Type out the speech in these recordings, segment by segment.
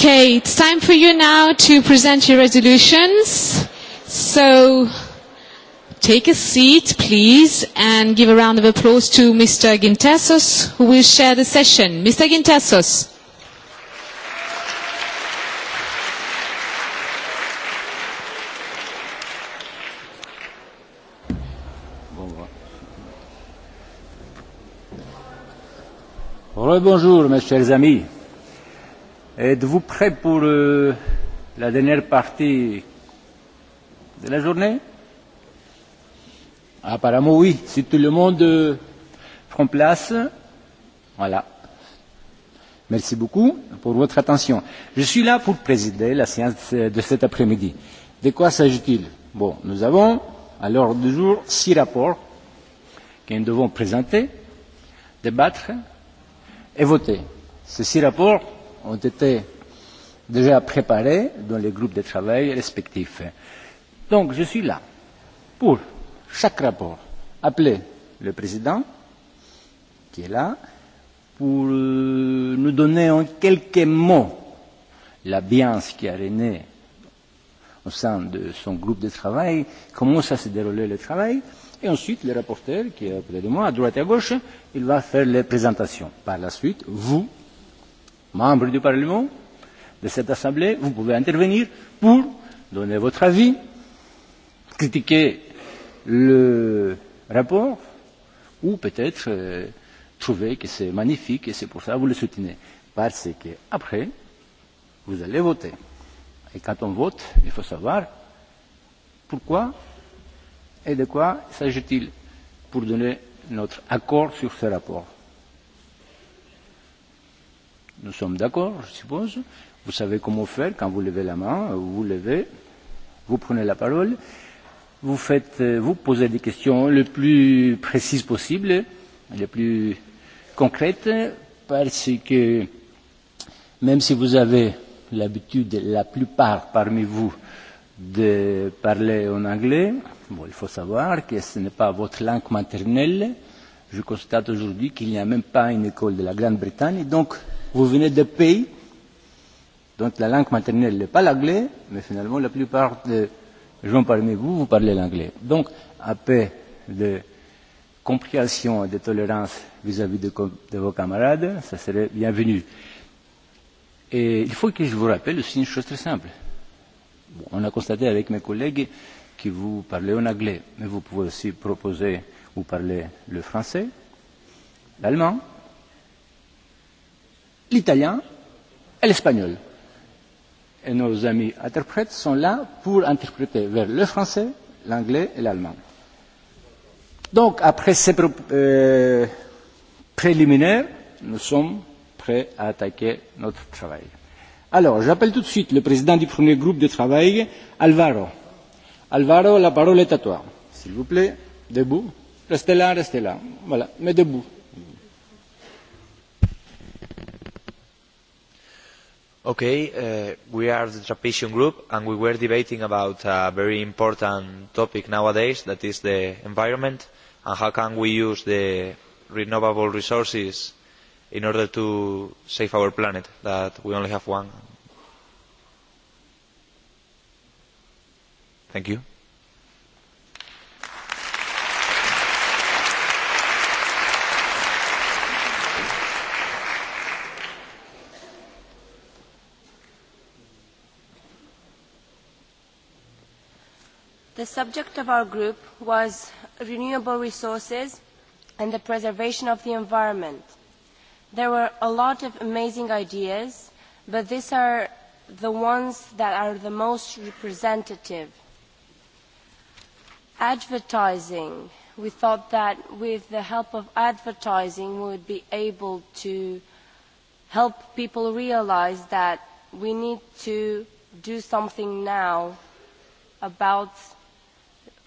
Okay, it's time for you now to present your resolutions. So take a seat, please, and give a round of applause to Mr. Gintasos, who will share the session. Mr. Gintasos. Bonjour, mes chers amis. Êtes-vous prêt pour euh, la dernière partie de la journée Apparemment oui, si tout le monde prend place. Voilà. Merci beaucoup pour votre attention. Je suis là pour présider la séance de cet après-midi. De quoi s'agit-il Bon, nous avons à l'ordre du jour six rapports que nous devons présenter, débattre et voter. Ces six rapports ont été déjà préparés dans les groupes de travail respectifs. Donc je suis là pour chaque rapport appeler le président qui est là pour nous donner en quelques mots la biance qui a régné au sein de son groupe de travail, comment ça s'est déroulé le travail, et ensuite le rapporteur qui est auprès de moi, à droite et à gauche, il va faire les présentations. Par la suite, vous, membres du Parlement, de cette Assemblée, vous pouvez intervenir pour donner votre avis, critiquer le rapport, ou peut-être euh, trouver que c'est magnifique et c'est pour ça que vous le soutenez. Parce que après, vous allez voter. Et quand on vote, il faut savoir pourquoi et de quoi s'agit-il pour donner notre accord sur ce rapport. Nous sommes d'accord, je suppose. Vous savez comment faire quand vous levez la main, vous vous levez, vous prenez la parole, vous faites, vous posez des questions le plus précises possible, les plus concrètes, parce que même si vous avez l'habitude, la plupart parmi vous, de parler en anglais, bon, il faut savoir que ce n'est pas votre langue maternelle. Je constate aujourd'hui qu'il n'y a même pas une école de la Grande-Bretagne, donc Vous venez de pays dont la langue maternelle n'est pas l'anglais, mais finalement la plupart des gens parmi vous, vous parlez l'anglais. Donc, un peu de compréhension et de tolérance vis-à-vis -vis de, de vos camarades, ça serait bienvenu. Et il faut que je vous rappelle aussi une chose très simple. Bon, on a constaté avec mes collègues que vous parlez en anglais, mais vous pouvez aussi proposer ou parler le français, l'allemand, l'italien et l'espagnol. Et nos amis interprètes sont là pour interpréter vers le français, l'anglais et l'allemand. Donc, après ces euh, préliminaires, nous sommes prêts à attaquer notre travail. Alors, j'appelle tout de suite le président du premier groupe de travail, Alvaro. Alvaro, la parole est à toi. S'il vous plaît, debout. Restez là, restez là. Voilà, mais debout. Okay, we are the Trapezium Group, and we were debating about a very important topic nowadays, that is the environment, and how can we use the renewable resources in order to save our planet, that we only have one. Thank you. The subject of our group was renewable resources and the preservation of the environment. There were a lot of amazing ideas, but these are the ones that are the most representative. Advertising. We thought that with the help of advertising we would be able to help people realise that we need to do something now about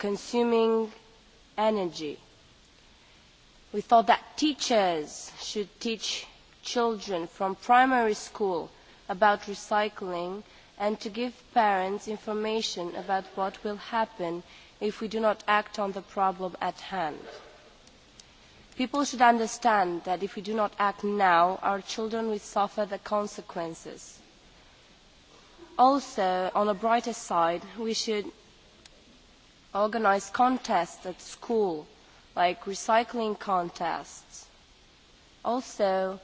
consuming energy. We thought that teachers should teach children from primary school about recycling and to give parents information about what will happen if we do not act on the problem at hand. People should understand that if we do not act now, our children will suffer the consequences. Also, on a brighter side, we should organize contests at school, like recycling contests. Also,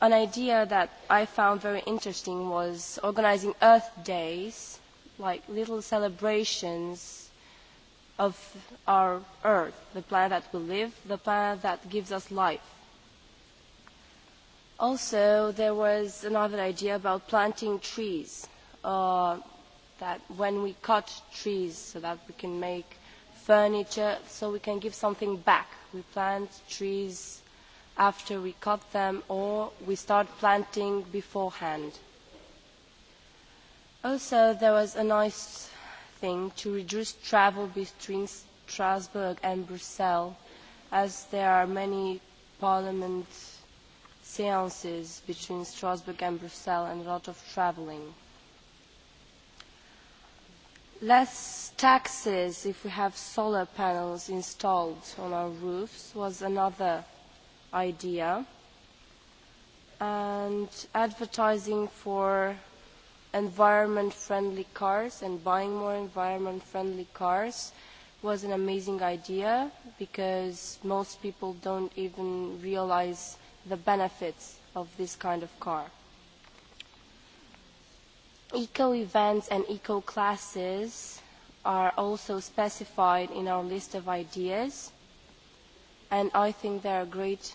an idea that I found very interesting was organizing Earth Days, like little celebrations of our Earth, the planet that we live, the planet that gives us life. Also, there was another idea about planting trees. Uh, that when we cut trees so that we can make furniture, so we can give something back. We plant trees after we cut them or we start planting beforehand. Also, there was a nice thing to reduce travel between Strasbourg and Brussels, as there are many parliament seances between Strasbourg and Brussels and a lot of travelling Less taxes if we have solar panels installed on our roofs was another idea. And advertising for environment-friendly cars and buying more environment-friendly cars was an amazing idea because most people don't even realize the benefits of this kind of car. Eco events and eco classes are also specified in our list of ideas, and I think they are great,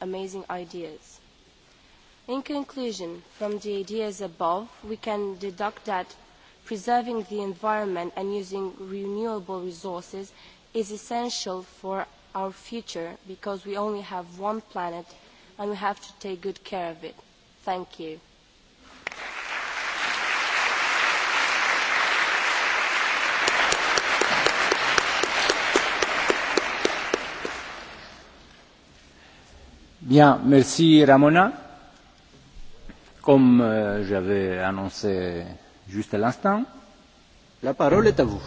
amazing ideas. In conclusion, from the ideas above, we can deduct that preserving the environment and using renewable resources is essential for our future because we only have one planet and we have to take good care of it. Thank you. merci Ramona. Comme j'avais annoncé juste à l'instant, la parole est à vous.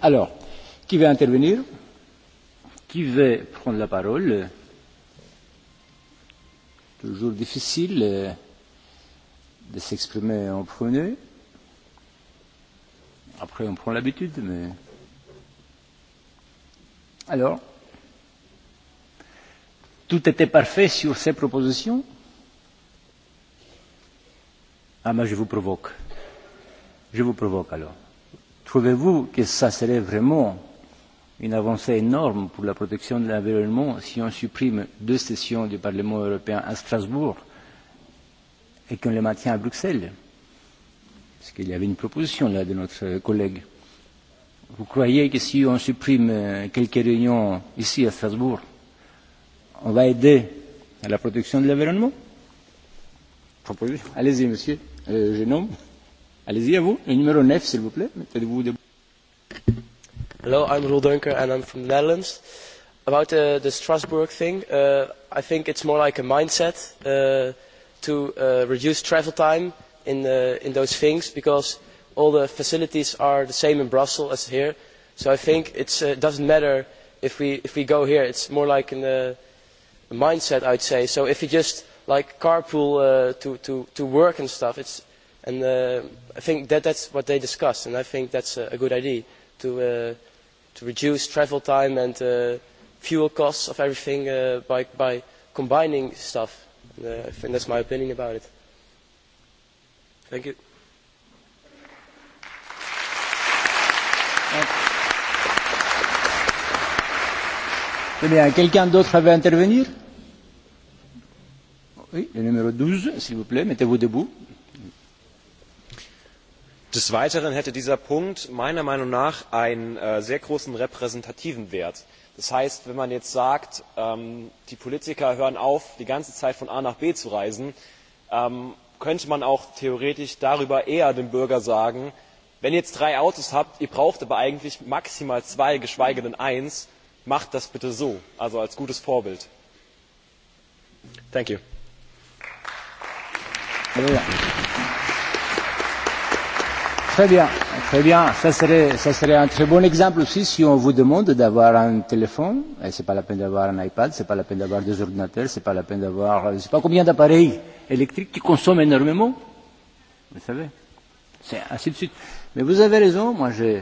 Alors, qui veut intervenir Qui veut prendre la parole Toujours difficile de s'exprimer en premier. Après, on prend l'habitude, mais. Alors Tout était parfait sur ces propositions Ah, mais je vous provoque. Je vous provoque alors. Trouvez-vous que ça serait vraiment une avancée énorme pour la protection de l'environnement si on supprime deux sessions du Parlement européen à Strasbourg et qu'on les maintient à Bruxelles Parce qu'il y avait une proposition là de notre collègue. Vous croyez que si on supprime quelques réunions ici à Strasbourg, on va aider à la protection de l'environnement Allez-y, monsieur, euh, je nomme. Allez-y, à vous, le numéro 9, s'il vous plaît. Mettez-vous debout. Hello, I'm Roel Dunker and I'm from the Netherlands. About uh, the Strasbourg thing, uh, I think it's more like a mindset uh, to uh, reduce travel time in, the, in those things because all the facilities are the same in Brussels as here. So I think it uh, doesn't matter if we, if we go here. It's more like in the mindset I'd say. So if you just like carpool uh, to, to, to work and stuff, it's, and uh, I think that that's what they discussed, and I think that's a, a good idea to, uh, to reduce travel time and uh, fuel costs of everything uh, by, by combining stuff. And, uh, I think that's my opinion about it. Thank you. Très bien. Quelqu'un d'autre intervenir Oui, le numéro 12, s'il vous plaît, mettez-vous debout. Des Weiteren hätte dieser Punkt meiner Meinung nach einen äh, sehr großen repräsentativen Wert. Das heißt, wenn man jetzt sagt, ähm, die Politiker hören auf, die ganze Zeit von A nach B zu reisen, ähm, könnte man auch theoretisch darüber eher dem Bürger sagen, wenn ihr jetzt drei Autos habt, ihr braucht aber eigentlich maximal zwei, geschweige denn eins, macht das bitte so also als gutes vorbild! Très bien, ça serait un très bon exemple aussi si on vous demande d'avoir un téléphone et ce n'est pas la peine d'avoir un ipad ce n'est pas la peine d'avoir des ordinateurs ce n'est pas la peine d'avoir je ne sais pas combien d'appareils électriques qui consomment énormément vous savez c'est ainsi de suite mais vous avez raison moi je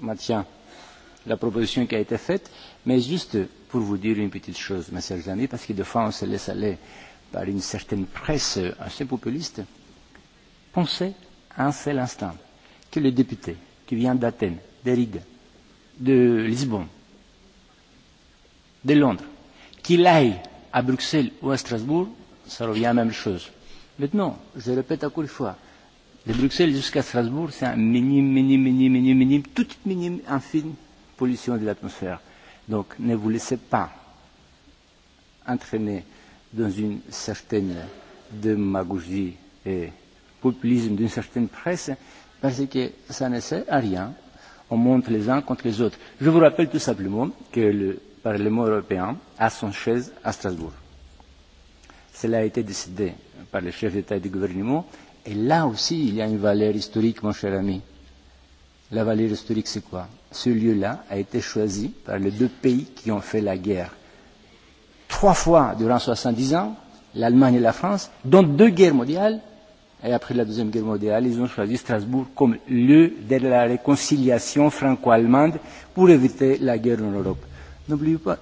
maintiens la proposition qui a été faite, mais juste pour vous dire une petite chose, mes chers amis, parce que des fois on se laisse aller par une certaine presse assez populiste. Pensez un seul instant que le député qui vient d'Athènes, de Riga, de Lisbonne, de Londres, qu'il aille à Bruxelles ou à Strasbourg, ça revient à la même chose. Maintenant, je répète encore une fois, de Bruxelles jusqu'à Strasbourg, c'est un minime, minime, minime, minime, minime, toute minime, infime pollution de l'atmosphère. Donc ne vous laissez pas entraîner dans une certaine démagogie et populisme d'une certaine presse, parce que ça ne sert à rien. On monte les uns contre les autres. Je vous rappelle tout simplement que le Parlement européen a son chaise à Strasbourg. Cela a été décidé par les chefs d'État et de gouvernement. Et là aussi, il y a une valeur historique, mon cher ami. La valeur historique, c'est quoi Ce lieu-là a été choisi par les deux pays qui ont fait la guerre. Trois fois durant 70 ans, l'Allemagne et la France, dans deux guerres mondiales, et après la Deuxième Guerre mondiale, ils ont choisi Strasbourg comme lieu de la réconciliation franco-allemande pour éviter la guerre en Europe.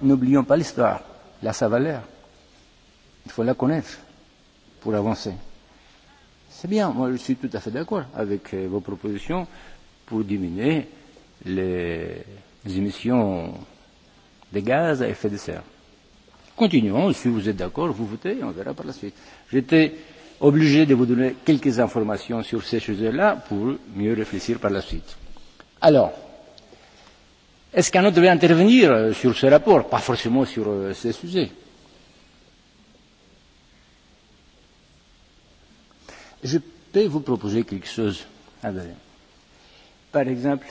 N'oublions pas l'histoire, la sa valeur. Il faut la connaître pour avancer. C'est bien, moi je suis tout à fait d'accord avec vos propositions pour diminuer les émissions de gaz à effet de serre. Continuons, si vous êtes d'accord, vous votez, on verra par la suite. J'étais obligé de vous donner quelques informations sur ces sujets-là pour mieux réfléchir par la suite. Alors, est-ce qu'un autre devait intervenir sur ce rapport Pas forcément sur ces sujets. Je peux vous proposer quelque chose, Adrien par exemple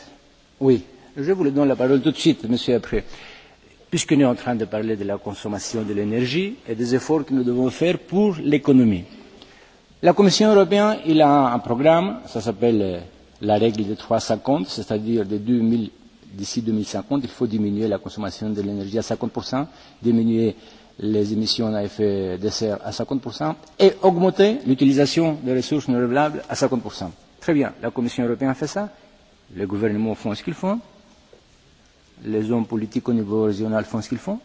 oui je vous le donne la parole tout de suite monsieur après puisque nous sommes en train de parler de la consommation de l'énergie et des efforts que nous devons faire pour l'économie. La Commission européenne a un programme, ça s'appelle la règle des trois cinquante, c'est-à-dire de d'ici deux mille cinquante, il faut diminuer la consommation de l'énergie à cinquante, diminuer les émissions à effet de serre à cinquante et augmenter l'utilisation des ressources renouvelables à. cinquante Très bien, la Commission européenne fait ça Les gouvernements font ce qu'ils font. Les hommes politiques au niveau régional font ce qu'ils font.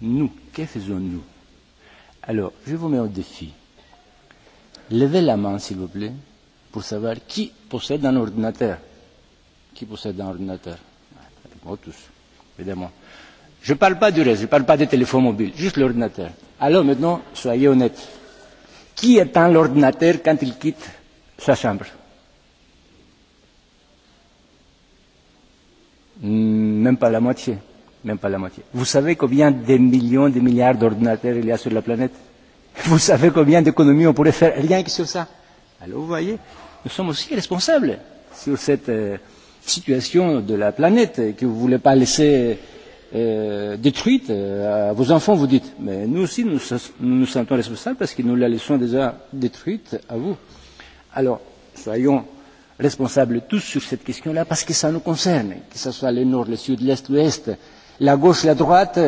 Nous, que faisons-nous Alors, je vous mets au défi. Levez la main, s'il vous plaît, pour savoir qui possède un ordinateur. Qui possède un ordinateur Moi, tous, évidemment. Je ne parle pas du reste, je ne parle pas des téléphones mobiles, juste l'ordinateur. Alors maintenant, soyez honnêtes. Qui éteint l'ordinateur quand il quitte sa chambre Même pas la moitié. Même pas la moitié. Vous savez combien de millions, de milliards d'ordinateurs il y a sur la planète Vous savez combien d'économies on pourrait faire rien que sur ça Alors vous voyez, nous sommes aussi responsables sur cette euh, situation de la planète que vous ne voulez pas laisser euh, détruite à vos enfants, vous dites. Mais nous aussi, nous nous, nous sentons responsables parce que nous la laissons déjà détruite à vous. Alors, soyons responsables tous sur cette question-là parce que ça nous concerne, que ce soit le nord, le sud, l'est, l'ouest, la gauche, la droite.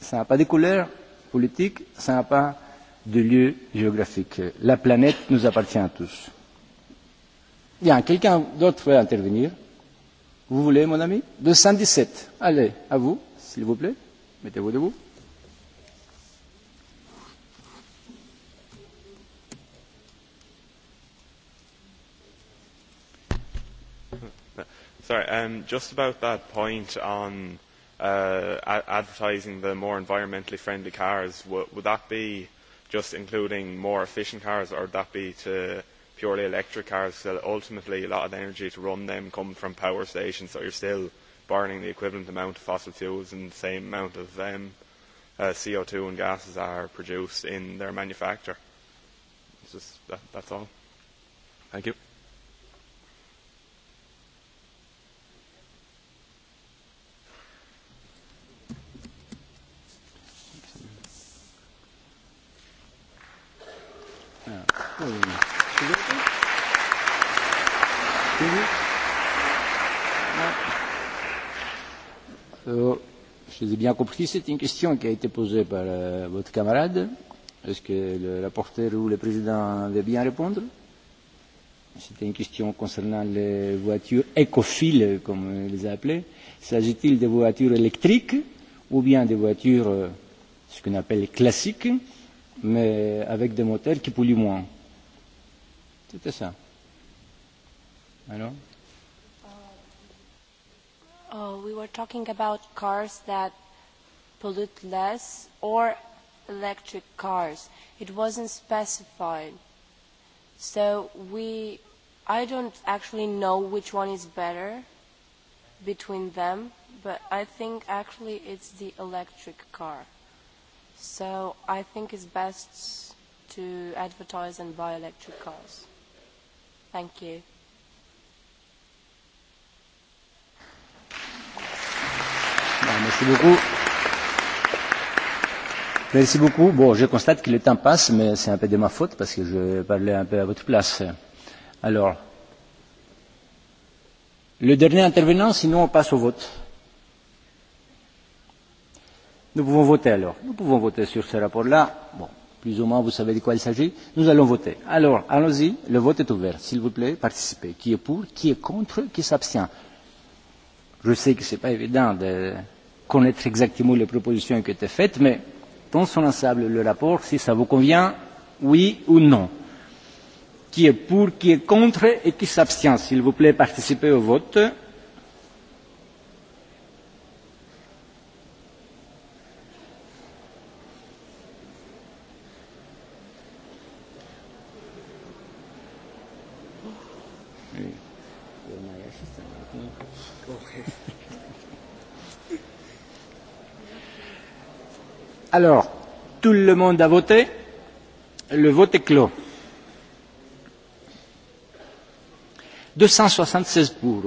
Ça n'a pas de couleur politique, ça n'a pas de lieu géographique. La planète nous appartient à tous. Bien, quelqu'un d'autre veut intervenir Vous voulez, mon ami 217. Allez, à vous, s'il vous plaît. Mettez-vous debout. Sorry, um just about that point on uh advertising the more environmentally friendly cars, w would that be just including more efficient cars, or would that be to purely electric cars? So ultimately, a lot of the energy to run them comes from power stations, so you're still burning the equivalent amount of fossil fuels and the same amount of um, uh, CO2 and gases are produced in their manufacture. It's just that, that's all. Thank you. je vous ai bien compris, c'est une question qui a été posée par votre camarade. Est-ce que le rapporteur ou le président veut bien répondre C'était une question concernant les voitures écophiles, comme on les a appelées. S'agit-il des voitures électriques ou bien des voitures, ce qu'on appelle classiques, mais avec des moteurs qui polluent moins C'était ça. Alors Oh, we were talking about cars that pollute less or electric cars. It wasn't specified. So we, I don't actually know which one is better between them, but I think actually it's the electric car. So I think it's best to advertise and buy electric cars. Thank you. Merci beaucoup. Bon, je constate que le temps passe, mais c'est un peu de ma faute parce que je parlais un peu à votre place. Alors, le dernier intervenant, sinon on passe au vote. Nous pouvons voter alors. Nous pouvons voter sur ce rapport-là. Bon, plus ou moins vous savez de quoi il s'agit. Nous allons voter. Alors, allons-y. Le vote est ouvert. S'il vous plaît, participez. Qui est pour Qui est contre Qui s'abstient Je sais que ce n'est pas évident de connaître exactement les propositions qui étaient faites, mais dans son ensemble, le rapport, si ça vous convient, oui ou non. Qui est pour, qui est contre et qui s'abstient S'il vous plaît, participez au vote. Alors, tout le monde a voté. Le vote est clos. 276 pour,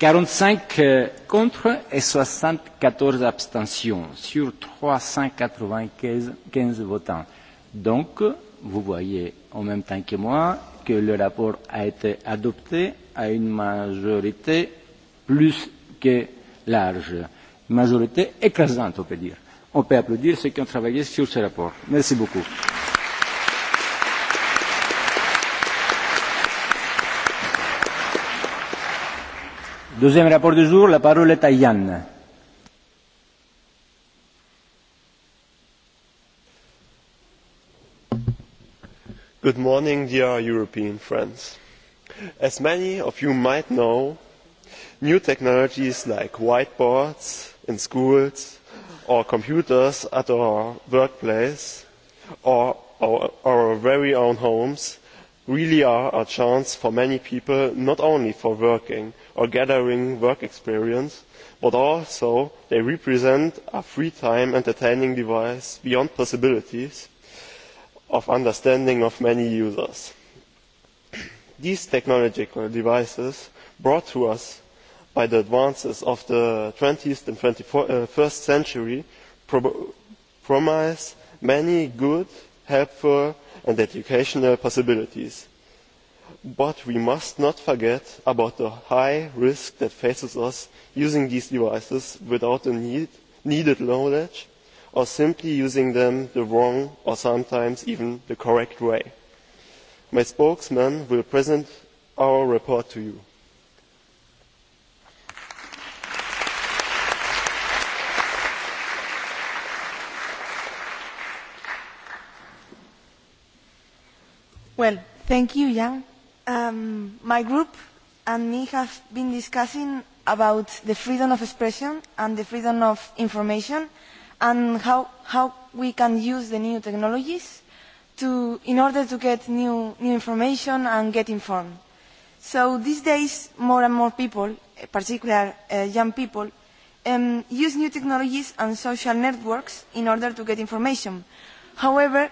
45 contre et 74 abstentions sur 395 votants. Donc, vous voyez en même temps que moi que le rapport a été adopté à une majorité plus que large, majorité écrasante, on peut dire. On peut applaudir ceux qui ont travaillé sur ce rapport. Merci beaucoup. Deuxième rapport du jour, la parole est à Yann. Good morning, dear European friends. As many of you might know, new technologies like whiteboards in schools or computers at our workplace or our very own homes really are a chance for many people not only for working or gathering work experience but also they represent a free time entertaining device beyond possibilities of understanding of many users. these technological devices brought to us by the advances of the twentieth and twenty first century promise many good helpful and educational possibilities but we must not forget about the high risk that faces us using these devices without the needed knowledge or simply using them the wrong or sometimes even the correct way. my spokesman will present our report to you. Well, thank you, Jan. Um, my group and me have been discussing about the freedom of expression and the freedom of information and how, how we can use the new technologies to, in order to get new, new information and get informed. So these days, more and more people, particularly uh, young people, um, use new technologies and social networks in order to get information. However,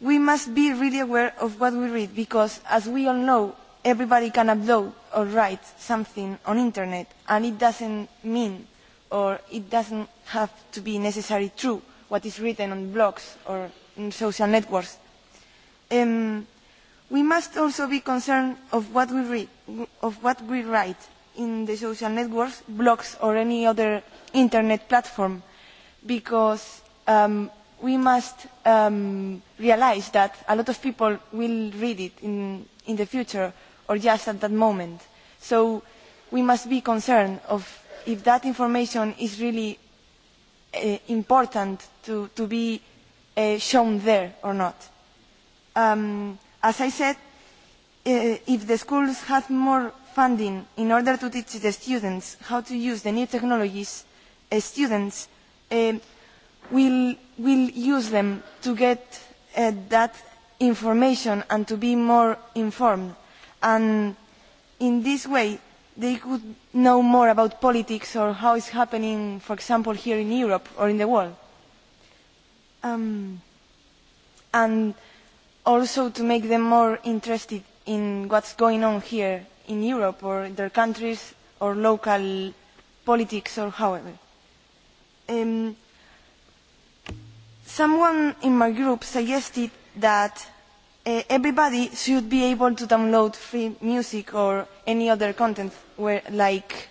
we must be really aware of what we read because, as we all know, everybody can upload or write something on the internet and it doesn't mean or it doesn't have to be necessarily true what is written on blogs or in social networks. Um, we must also be concerned of what we read, of what we write in the social networks, blogs or any other internet platform because um, we must um, that a lot of people will read it in, in the future or just at that moment. So we must be concerned of if that information is really uh, important to, to be uh, shown there or not. Um, as I said, uh, if the schools have more funding in order to teach the students how to use the new technologies, uh, students uh, will use them to get that information and to be more informed. And in this way, they could know more about politics or how it's happening, for example, here in Europe or in the world. Um, and also to make them more interested in what's going on here in Europe or in their countries or local politics or however. Um, someone in my group suggested that uh, everybody should be able to download free music or any other content where, like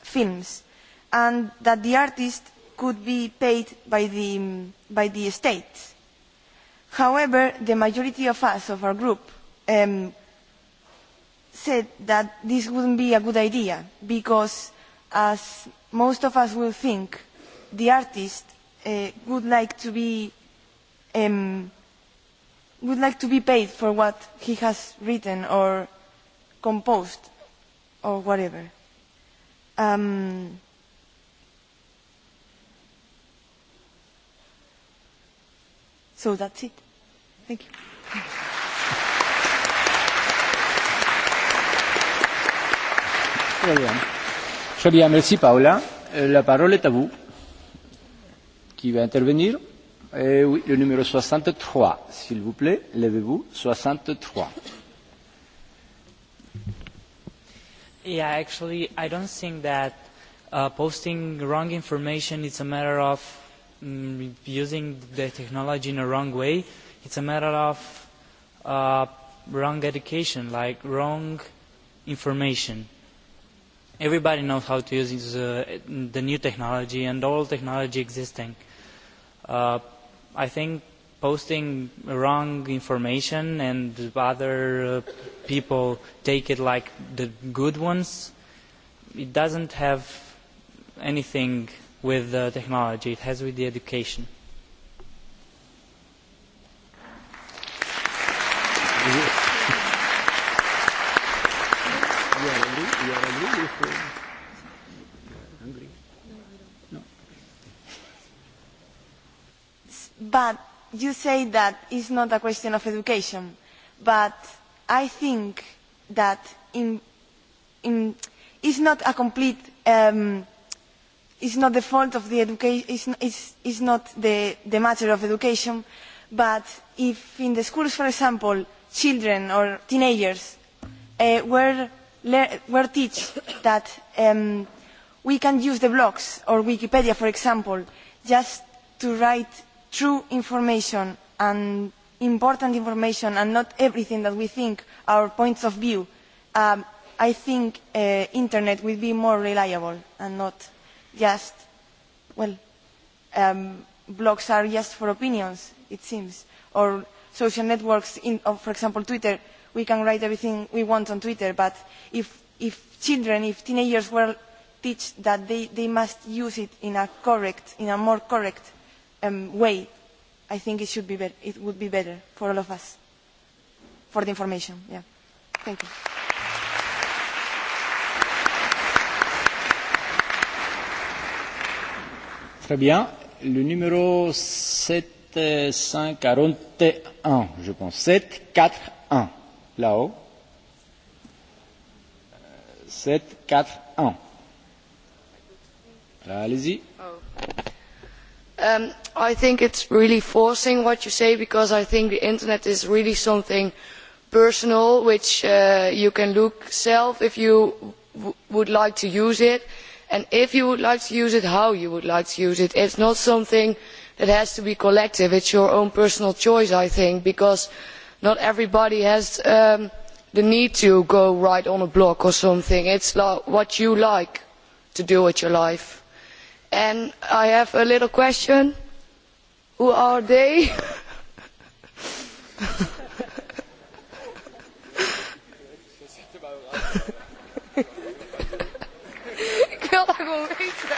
films and that the artist could be paid by the, by the state. However, the majority of us, of our group, um, said that this wouldn't be a good idea because, as most of us will think, the artist would like to be um, would like to be paid for what he has written or composed or whatever. Um, so that's it. Thank you. Très bien. Très bien, merci Paola. La parole est à vous qui veut intervenir eh oui, le numéro 63, s'il vous plaît, levez-vous, 63. Yeah, actually, I don't think that uh, posting wrong information is a matter of mm using the technology in a wrong way. It's a matter of uh, wrong education, like wrong information. Everybody knows how to use uh, the new technology and all technology existing. I think posting wrong information and other people take it like the good ones, it doesn't have anything with the technology. It has with the education. Yeah, But you say that it's not a question of education. But I think that in, in, it's not a complete... Um, it's not the fault of the education, it's, it's, it's not the, the matter of education, but if in the schools, for example, children or teenagers uh, were, were teach that um, we can use the blogs or Wikipedia, for example, just to write true information and important information and not everything that we think, our points of view, I think the internet will be more reliable and not just, well, blogs are just for opinions, it seems, or social networks, in, for example, Twitter, we can write everything we want on Twitter, but if, if children, if teenagers were taught that they, they must use it in a correct, in a more correct way, I think it should be better. It would be better for all of us. For the information, yeah. Thank you. Très bien. Le numéro 741, je pense. 741, là-haut. 741. Allez-y. Oh. I think it is really forcing what you say because I think the internet is really something personal which you can look yourself if you would like to use it and if you would like to use it how you would like to use it. It is not something that has to be collective. it is your own personal choice I think because not everybody has the need to go write on a blog or something. It is what you like to do with your life. And I have a little question. Who are they? Ik wil dat gewoon weten.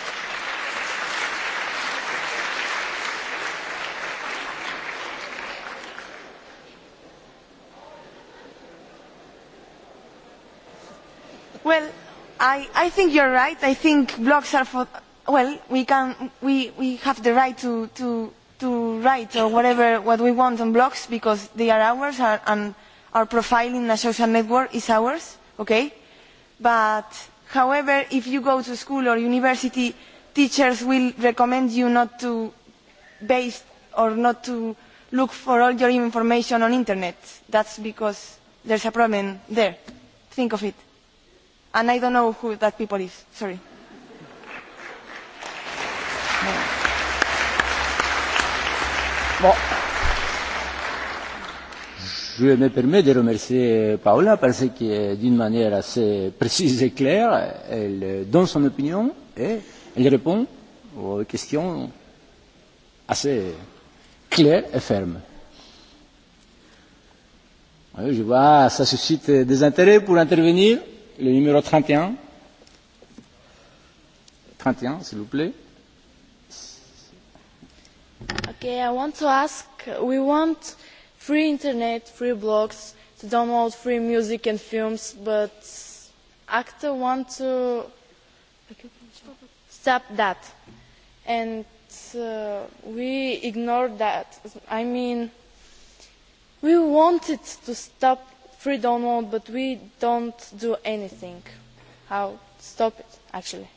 Well, I, I think you're right. I think blogs are for well, we can we we have the right to to to write or whatever what we want on blogs because they are ours and our profile in a social network is ours, okay? But however, if you go to school or university, teachers will recommend you not to base or not to look for all your information on internet. That's because there's a problem there. Think of it. And I don't know who that people is. Sorry. Je me permets de remercier Paola parce que d'une manière assez précise et claire, elle donne son opinion et elle répond aux questions assez claires et fermes. Oui, je vois, ça suscite des intérêts pour intervenir. Le numéro 31. 31, s'il vous plaît. Okay, I want to ask, we want free internet, free blogs, to download free music and films, but ACTA want to stop that. And uh, we ignore that. I mean, we wanted to stop free download, but we don't do anything. How stop it, actually?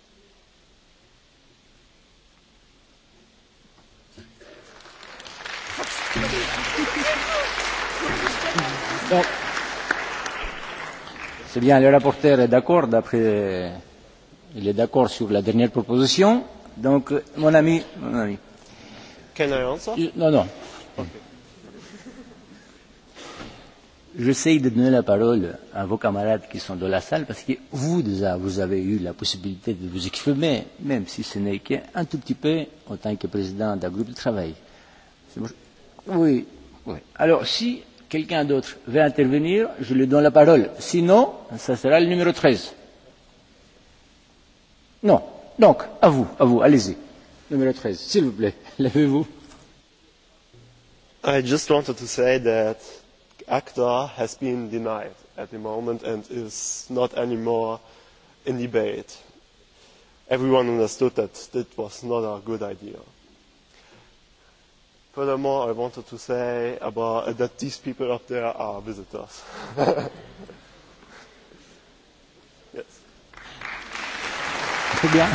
C'est bien, le rapporteur est d'accord d'après il est d'accord sur la dernière proposition. Donc mon ami, mon ami. Can I answer? Non non. Okay. J'essaye de donner la parole à vos camarades qui sont dans la salle parce que vous déjà, vous avez eu la possibilité de vous exprimer, même si ce n'est qu'un tout petit peu en tant que président d'un groupe de travail. Oui, oui. Alors, si quelqu'un d'autre veut intervenir, je lui donne la parole. Sinon, ça sera le numéro 13. Non. Donc, à vous, à vous, allez-y. Numéro 13, s'il vous plaît, levez-vous. I just wanted to say that ACTA has been denied at the moment and is not anymore in debate. Everyone understood that that was not a good idea Furthermore, I wanted to say about uh, that these people up there are visitors. yes. bien.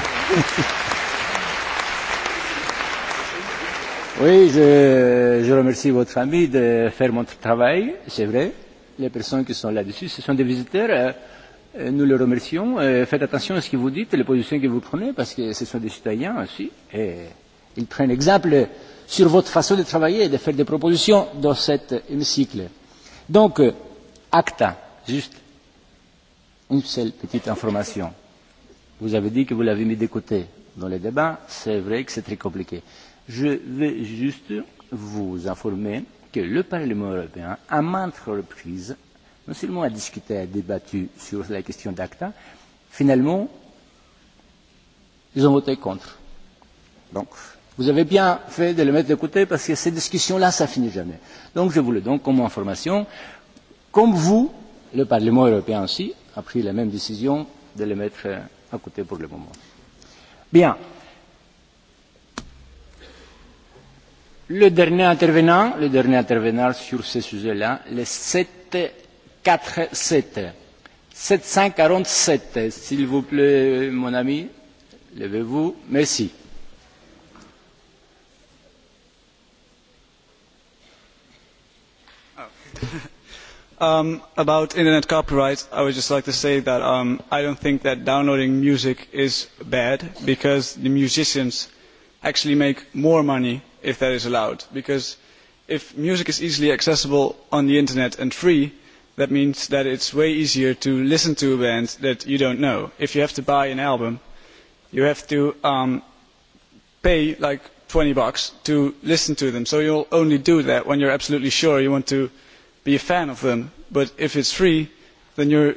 Oui, je, je remercie votre famille de faire mon travail, c'est vrai. Les personnes qui sont là-dessus, ce sont des visiteurs. Nous les remercions. Faites attention à ce que vous dites, les positions que vous prenez, parce que ce sont des citoyens aussi. Et ils prennent exemple euh, sur votre façon de travailler et de faire des propositions dans cet hémicycle. Donc, ACTA, juste une seule petite information. Vous avez dit que vous l'avez mis de côté dans les débats. C'est vrai que c'est très compliqué. Je vais juste vous informer que le Parlement européen, à maintes reprises, non seulement a discuté, a débattu sur la question d'ACTA, finalement, ils ont voté contre. Donc, Vous avez bien fait de les mettre de côté parce que ces discussions-là, ça finit jamais. Donc je vous le donne comme information. Comme vous, le Parlement européen aussi a pris la même décision de les mettre à côté pour le moment. Bien. Le dernier intervenant, le dernier intervenant sur ce sujet-là, le 747. 747, s'il vous plaît, mon ami. Levez-vous. Merci about internet copyright, I would just like to say that um, I don't think that downloading music is bad because the musicians actually make more money if that is allowed. Because if music is easily accessible on the internet and free, that means that it's way easier to listen to a band that you don't know. If you have to buy an album, you have to um, pay like 20 bucks to listen to them. So you'll only do that when you're absolutely sure you want to be a fan of them, but if it is free, then you are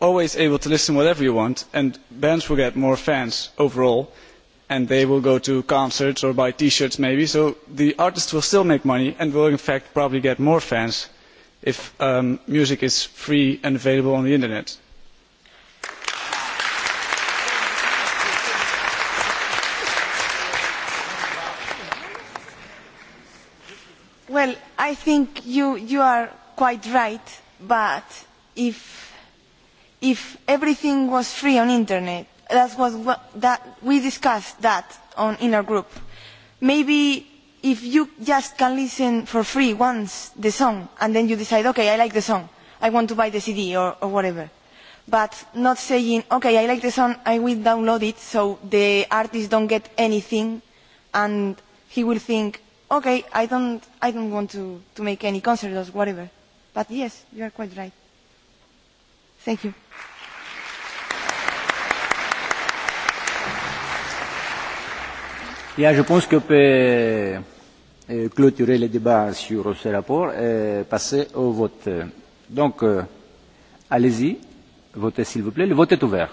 always able to listen to whatever you want, and bands will get more fans overall, and they will go to concerts or buy T-shirts maybe. So the artists will still make money and will in fact probably get more fans if music is free and available on the internet. Well, I think you, you are quite right, but if, if everything was free on internet, that was what that we discussed that on, in our group. Maybe if you just can listen for free once the song, and then you decide, okay, I like the song, I want to buy the CD or, or whatever. But not saying, okay, I like the song, I will download it, so the artist don't get anything, and he will think, okay, I don't, I don't want to, to make any concert or whatever But yes, you are quite right. Thank you. Yeah, je pense que peut clôturer le débat sur ce rapport et passer au vote. Donc, allez-y, votez s'il vous plaît. Le vote est ouvert.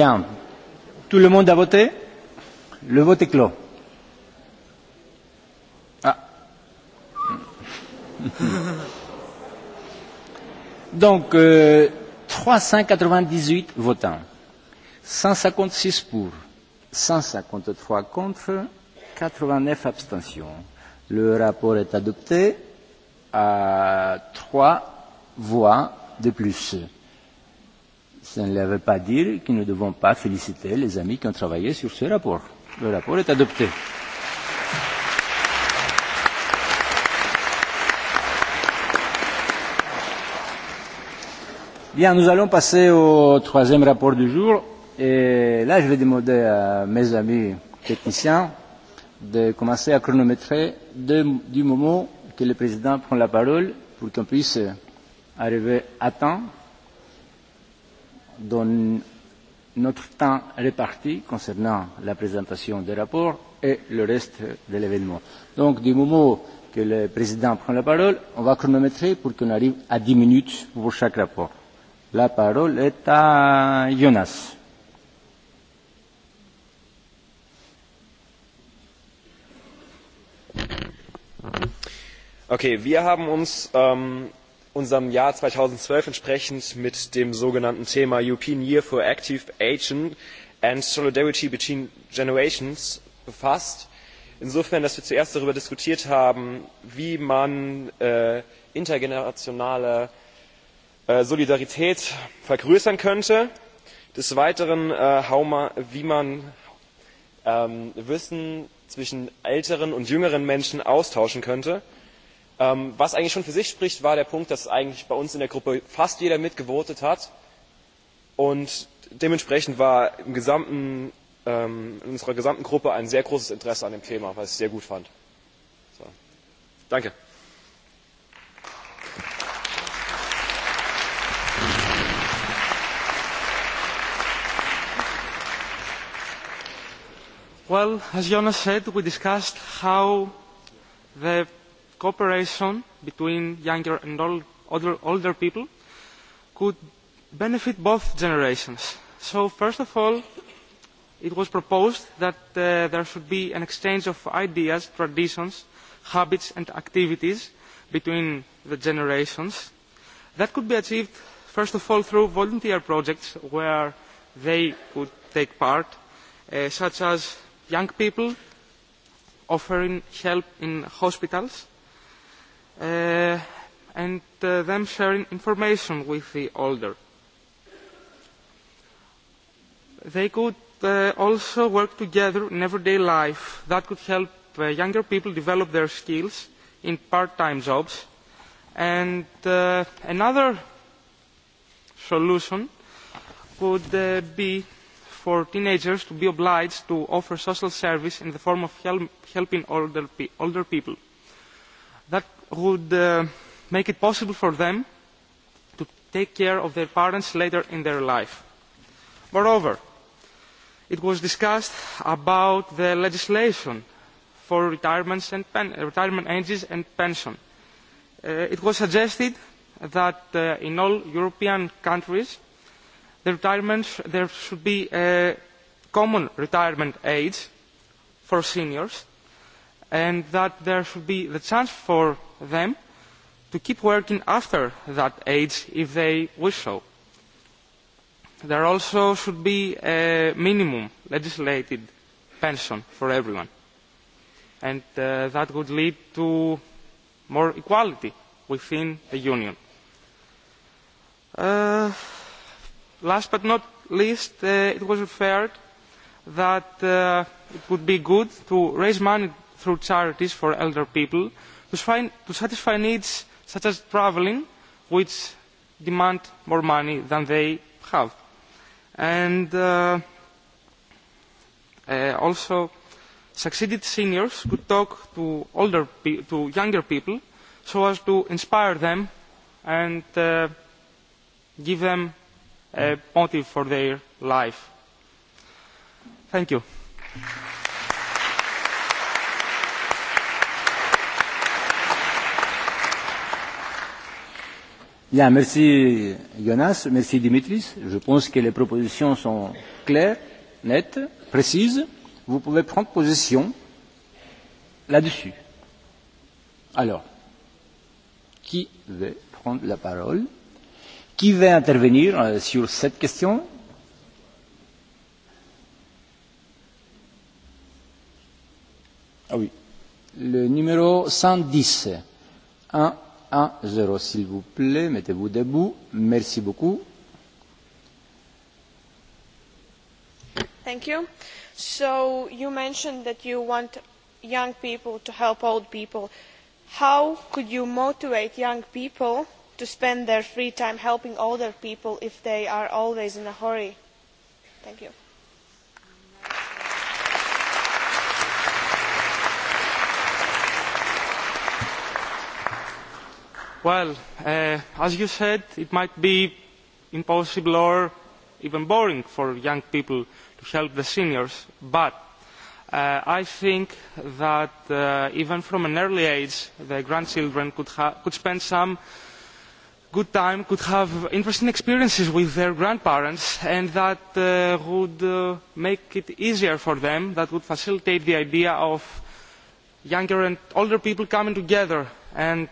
Bien. Tout le monde a voté Le vote est clos. Ah. Donc, euh, 398 votants, 156 pour, 153 contre, 89 abstentions. Le rapport est adopté à trois voix de plus. Ça ne veut pas dire que nous ne devons pas féliciter les amis qui ont travaillé sur ce rapport. Le rapport est adopté. Bien, nous allons passer au troisième rapport du jour. Et là, je vais demander à mes amis techniciens de commencer à chronométrer de, du moment que le président prend la parole pour qu'on puisse arriver à temps dans notre temps réparti concernant la présentation des rapports et le reste de l'événement. Donc, du moment que le président prend la parole, on va chronométrer pour qu'on arrive à 10 minutes pour chaque rapport. La parole est à Jonas. Okay, wir haben uns ähm, unserem Jahr 2012 entsprechend mit dem sogenannten Thema European Year for Active Aging and Solidarity Between Generations befasst. Insofern, dass wir zuerst darüber diskutiert haben, wie man intergenerationale Solidarität vergrößern könnte. Des Weiteren, wie man Wissen zwischen älteren und jüngeren Menschen austauschen könnte was eigentlich schon für sich spricht war der punkt dass eigentlich bei uns in der gruppe fast jeder mitgevotet hat und dementsprechend war in unserer gesamten gruppe ein sehr großes interesse an dem thema was ich sehr gut fand. danke! as jonas said we discussed how the cooperation between younger and older people could benefit both generations. So first of all, it was proposed that there should be an exchange of ideas, traditions, habits and activities between the generations. That could be achieved, first of all, through volunteer projects where they could take part, such as young people offering help in hospitals, and them sharing information with the older. They could also work together in everyday life. That could help younger people develop their skills in part-time jobs. And another solution could be for teenagers to be obliged to offer social service in the form of helping older people would make it possible for them to take care of their parents later in their life. Moreover, it was discussed about the legislation for retirement ages and pension. it was suggested that in all European countries there should be a common retirement age for seniors and that there should be the chance for them to keep working after that age if they wish so. There also should be a minimum legislated pension for everyone. And uh, that would lead to more equality within the Union. Uh, last but not least, uh, it was referred that uh, it would be good to raise money through charities for elder people to satisfy needs such as travelling which demand more money than they have. And also, succeeded seniors could talk to, older pe to younger people so as to inspire them and give them a motive for their life. Thank you. Bien, merci Jonas, merci Dimitris. Je pense que les propositions sont claires, nettes, précises. Vous pouvez prendre position là-dessus. Alors, qui veut prendre la parole Qui veut intervenir sur cette question Ah oui, le numéro 110. 1, un zéro s'il vous plaît mettez vous debout merci beaucoup thank you so you mentioned that you want young people to help old people how could you motivate young people to spend their free time helping older people if they are always in a hurry thank you Well, as you said, it might be impossible or even boring for young people to help the seniors, but I think that even from an early age, the grandchildren could, ha could spend some good time, could have interesting experiences with their grandparents, and that would make it easier for them, that would facilitate the idea of younger and older people coming together and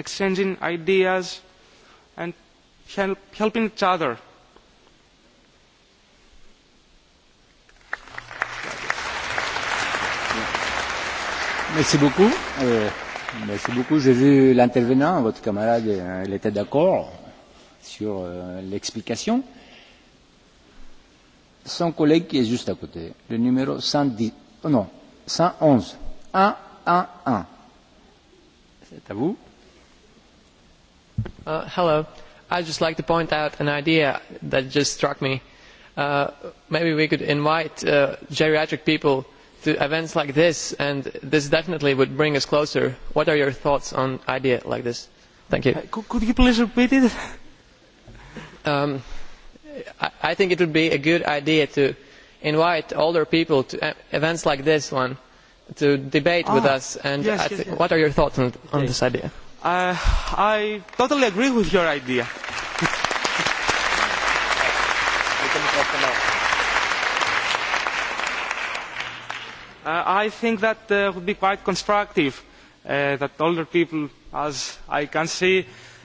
exchanging ideas and helping each other. Merci beaucoup. Euh, merci beaucoup. J'ai vu l'intervenant, votre camarade, il était d'accord sur euh, l'explication. Son collègue qui est juste à côté, le numéro 110, oh non, 111, 111 hello. I'd just like to point out an idea that just struck me. maybe we could invite geriatric people to events like this, and this definitely would bring us closer. What are your thoughts on an idea like this? Thank you. Could you please repeat it? Um, I, I think it would be a good idea to invite older people to events like this one to debate with us. And yes, yes, yes. what are your thoughts on, on this idea? Uh, I totally agree with your idea. uh, I think that uh, would be quite constructive uh, that older people, as I can see,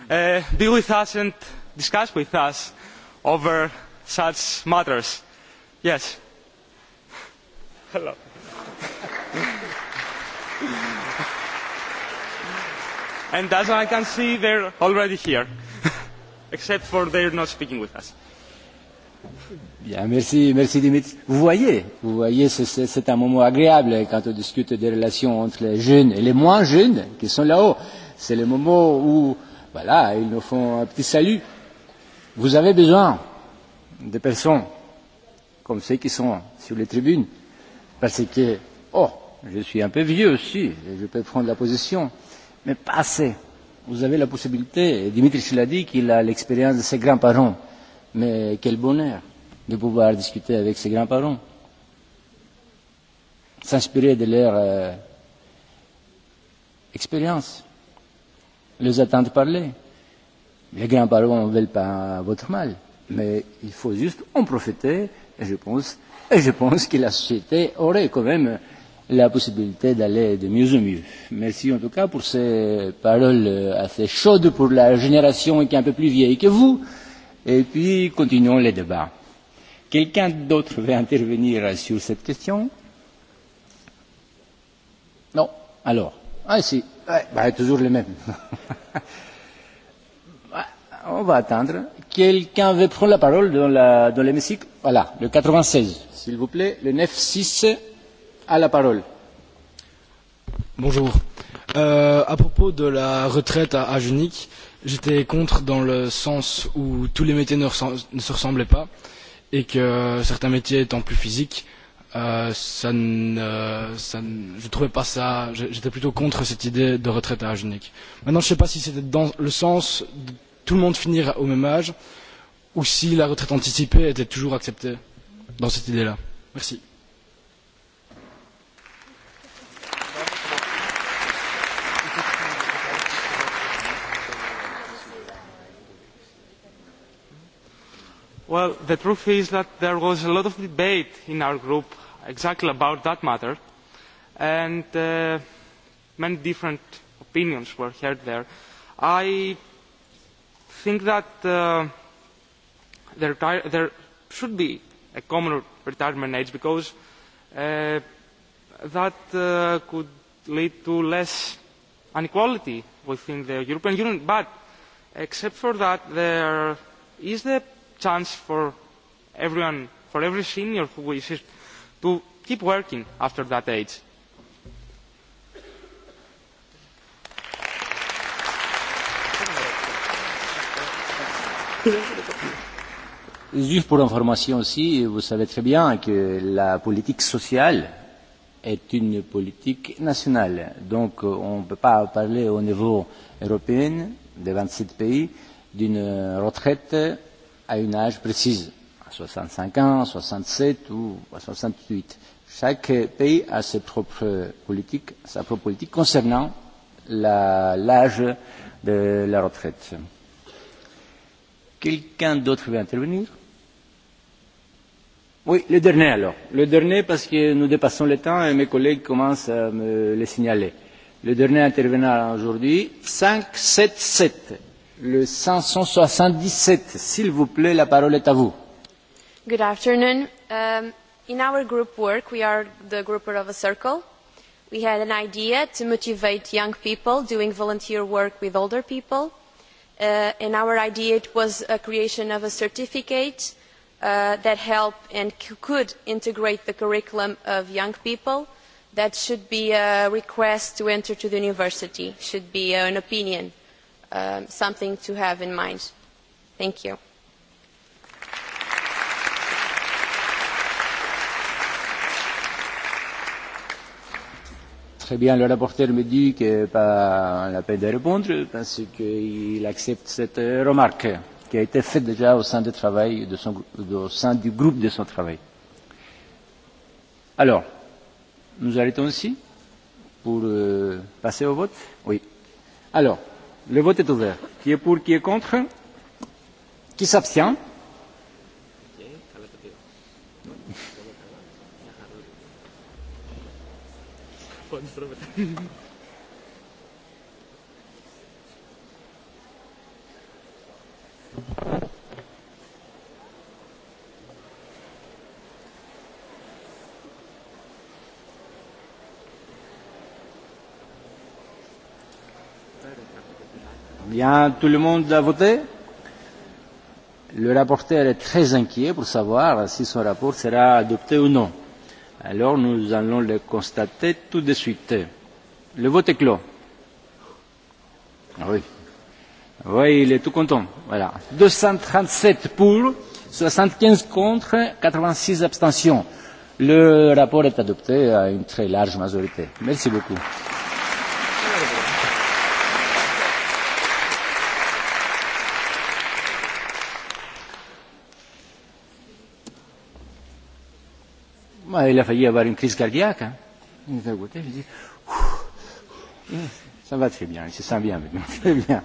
uh, be with us and discuss with us over such matters. Yes. Hello and as I can see, they're already here, except for they're not speaking with us. Bien, merci, merci Dimitri. Vous voyez, vous voyez, c'est un moment agréable quand on discute des relations entre les jeunes et les moins jeunes qui sont là-haut. C'est le moment où, voilà, ils nous font un petit salut. Vous avez besoin de personnes comme ceux qui sont sur les tribunes, parce que, oh, je suis un peu vieux aussi, et je peux prendre la position, mais pas assez. Vous avez la possibilité, et Dimitris l'a dit, qu'il a l'expérience de ses grands-parents. Mais quel bonheur de pouvoir discuter avec ses grands-parents, s'inspirer de leur euh, expérience, les attendre parler. Les grands-parents ne veulent pas votre mal, mais il faut juste en profiter, et je pense, et je pense que la société aurait quand même euh, la possibilité d'aller de mieux en mieux. Merci en tout cas pour ces paroles assez chaudes pour la génération qui est un peu plus vieille que vous. Et puis, continuons les débats. Quelqu'un d'autre veut intervenir sur cette question Non Alors Ah si, ouais, bah, toujours le même. On va attendre. Quelqu'un veut prendre la parole dans l'hémicycle dans Voilà, le 96, s'il vous plaît, le 96. À la parole. Bonjour. Euh, à propos de la retraite à, à j'étais contre dans le sens où tous les métiers ne, ne se ressemblaient pas et que certains métiers étant plus physiques, euh, ça ne, ça ne, je trouvais pas ça. J'étais plutôt contre cette idée de retraite à Junique. Maintenant, je ne sais pas si c'était dans le sens de tout le monde finir au même âge ou si la retraite anticipée était toujours acceptée dans cette idée-là. Merci. Well, the truth is that there was a lot of debate in our group exactly about that matter, and uh, many different opinions were heard there. I think that uh, the retire- there should be a common retirement age because uh, that uh, could lead to less inequality within the European Union. But except for that, there is the chance for everyone, for every senior who wishes to keep working after that age. Juste pour information aussi, vous savez très bien que la politique sociale est une politique nationale. Donc on ne peut pas parler au niveau européen des 27 pays d'une retraite à une âge précise, à 65 ans, à 67 ou à 68. Chaque pays a ses propres politiques, sa propre politique concernant l'âge de la retraite. Quelqu'un d'autre veut intervenir Oui, le dernier alors. Le dernier parce que nous dépassons le temps et mes collègues commencent à me le signaler. Le dernier intervenant aujourd'hui, 577 le 577. S'il vous plaît, la parole est à vous. Good afternoon. Um, in our group work, we are the group of a circle. We had an idea to motivate young people doing volunteer work with older people. Uh, and our idea it was a creation of a certificate uh, that help and could integrate the curriculum of young people. That should be a request to enter to the university, should be an opinion something to have in mind. Thank you. Très bien, le rapporteur me dit que pas la peine de répondre parce qu'il accepte cette remarque qui a été faite déjà au sein, de travail de son, au sein du groupe de son travail. Alors, nous arrêtons ici pour euh, passer au vote Oui. Alors, Le vote est ouvert. Qui est pour, qui est contre Qui s'abstient Thank you. Bien, tout le monde a voté Le rapporteur est très inquiet pour savoir si son rapport sera adopté ou non. Alors nous allons le constater tout de suite. Le vote est clos. Oui. Oui, il est tout content. Voilà. 237 pour, 75 contre, 86 abstentions. Le rapport est adopté à une très large majorité. Merci beaucoup. Ma, il a failli avoir une crise cardiaque. ça va très bien, il sent bien Très bien.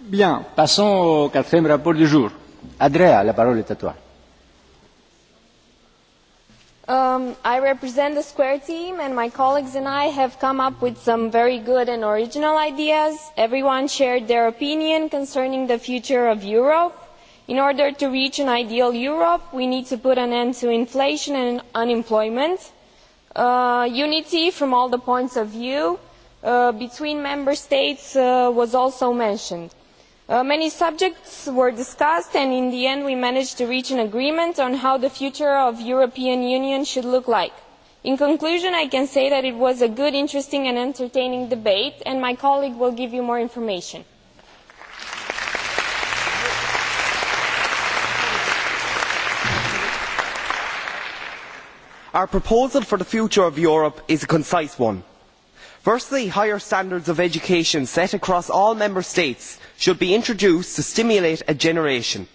Bien, passons au quatrième rapport du jour. Andrea, la parole est à toi. Um, I represent the Square team, and my colleagues and I have come up with some very good and original ideas. Everyone shared their opinion concerning the future of Europe in order to reach an ideal europe we need to put an end to inflation and unemployment unity from all the points of view between member states was also mentioned. many subjects were discussed and in the end we managed to reach an agreement on how the future of the european union should look like. in conclusion i can say that it was a good interesting and entertaining debate and my colleague will give you more information. our proposal for the future of europe is a concise one. firstly higher standards of education set across all member states should be introduced to stimulate a generation.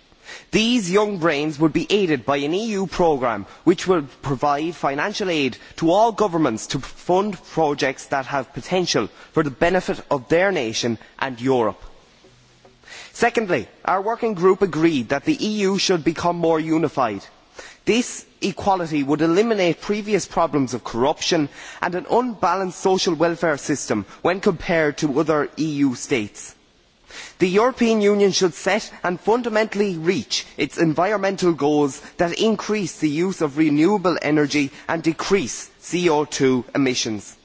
these young brains would be aided by an eu programme which will provide financial aid to all governments to fund projects that have potential for the benefit of their nation and europe. secondly our working group agreed that the eu should become more unified. this equality would eliminate previous problems of corruption and an unbalanced social welfare system when compared to other eu states. the european union should set and fundamentally reach its environmental goals that increase the use of renewable energy and decrease co two emissions.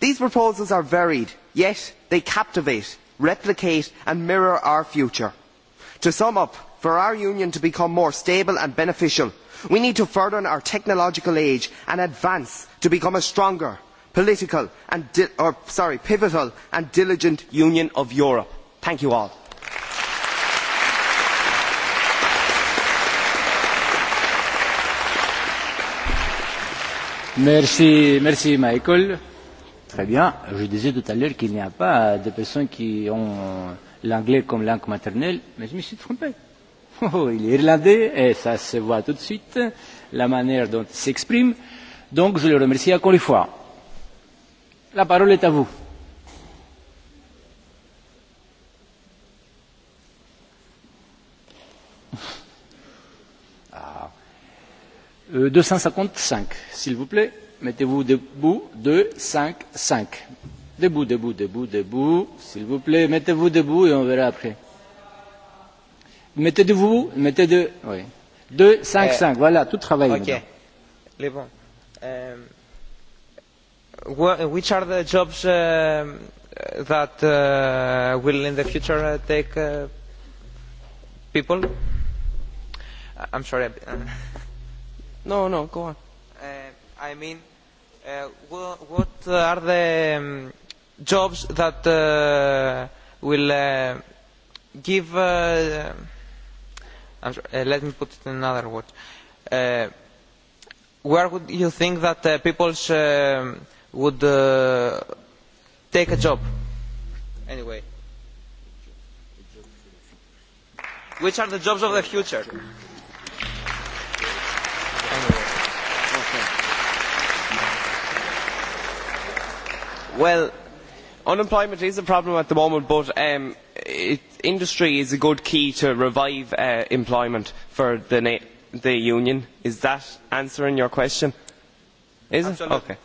these proposals are varied yet they captivate replicate and mirror our future. to sum up for our union to become more stable and beneficial we need to further our technological age and advance to become a stronger political and pivotal and diligent union of europe. thank you all. Merci, merci Michael. Très bien. Je disais tout à l'heure qu'il n'y a pas de personnes qui ont l'anglais comme langue maternelle, mais je me suis trompé Oh, il est irlandais, et ça se voit tout de suite, la manière dont il s'exprime. Donc, je le remercie encore une fois. La parole est à vous. Ah. Euh, 255, s'il vous plaît. Mettez-vous debout. 2, 5, 5. Debout, debout, debout, debout. S'il vous plaît, mettez-vous debout et on verra après. Mettez de vous, mettez de. Oui. cinq, euh, cinq. voilà, tout travaille. Ok. Les bons. Um, which are the jobs uh, that uh, will in the future uh, take uh, people? I'm sorry. no, no, go on. Uh, I mean, uh, what are the um, jobs that uh, will uh, give. Uh, I'm sorry, uh, let me put it in another word. Uh, where would you think that uh, people uh, would uh, take a job? Anyway. Which are the jobs of the future? Anyway. Well, unemployment is a problem at the moment but industry is a good key to revive employment for the union. is that answering your question? Is it? Okay.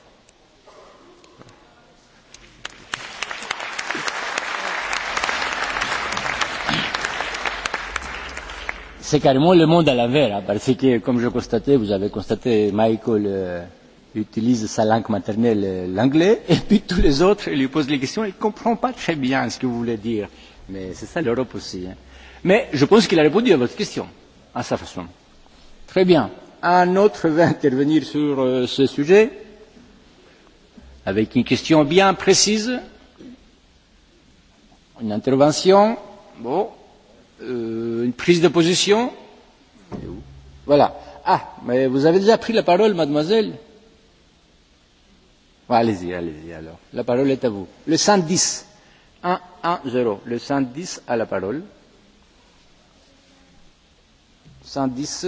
C'est carrément le monde à l'envers, parce que, comme je constatais, vous avez constaté, Michael, utilise sa langue maternelle, l'anglais, et puis tous les autres lui posent les questions, il ne comprend pas très bien ce que vous voulez dire. Mais c'est ça l'Europe aussi. Hein. Mais je pense qu'il a répondu à votre question, à sa façon. Très bien. Un autre veut intervenir sur euh, ce sujet, avec une question bien précise, une intervention, bon, euh, une prise de position. Voilà. Ah, mais vous avez déjà pris la parole, mademoiselle Allez-y, allez-y alors. La parole est à vous. Le 110. 1, 1, 0. Le 110 a la parole. 110.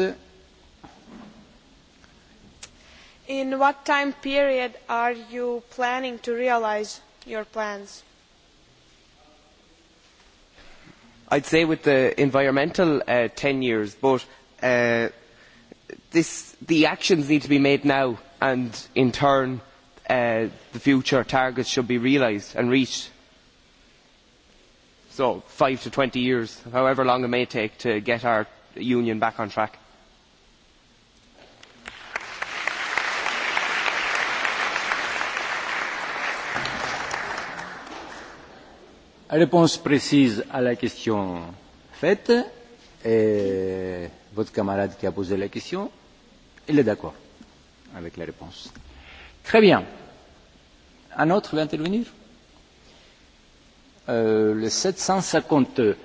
In what time period are you planning to realize your plans? I'd say with the environmental uh, 10 years, but uh, this, the actions need to be made now and in turn the future targets should be realised and reached. So five to twenty years, however long it may take to get our union back on track. Réponse précise à la question faite. Et votre camarade qui a posé la question, il est d'accord avec la réponse. Très bien. Un autre veut intervenir euh, Le 752.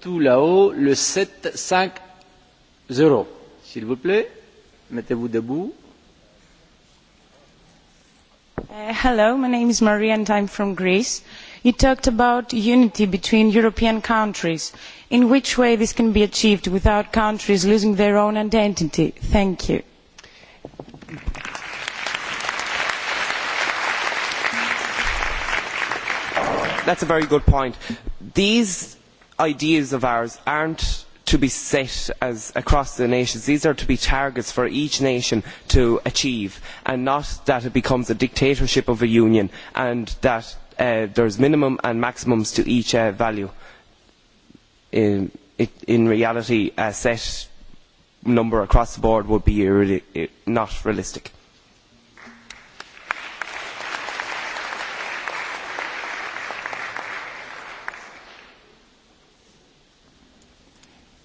Tout là-haut, le 750. S'il vous plaît, mettez-vous debout. Uh, hello, my name is Maria and I'm from Greece. You talked about unity between European countries. In which way this can be achieved without countries losing their own identity? Thank you. that is a very good point. These ideas of ours are not to be set as across the nations. These are to be targets for each nation to achieve, and not that it becomes a dictatorship of a union and that uh, there's minimum and maximums to each uh, value. In, it, in reality, a set number across the board would be not realistic.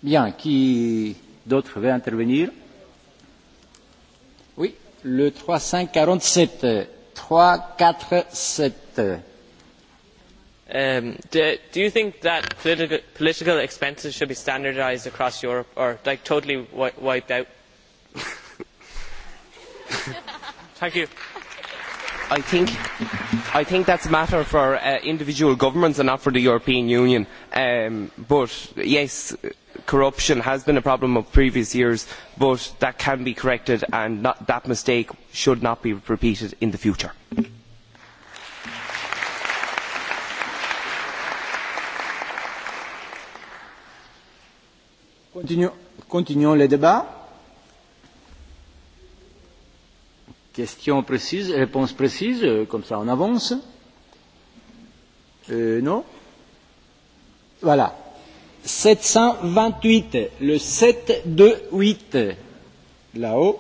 Bien, qui d'autre veut intervenir Oui, le 347. 347. Um, do, do you think that political, political expenses should be standardised across Europe or like totally wiped out? Thank you. I think, I think that's a matter for uh, individual governments and not for the European Union. Um, but yes, corruption has been a problem of previous years but that can be corrected and that mistake should not be repeated in the future. Continuons le débat. comme ça on avance. Euh, non Voilà 728, le 728. Là-haut.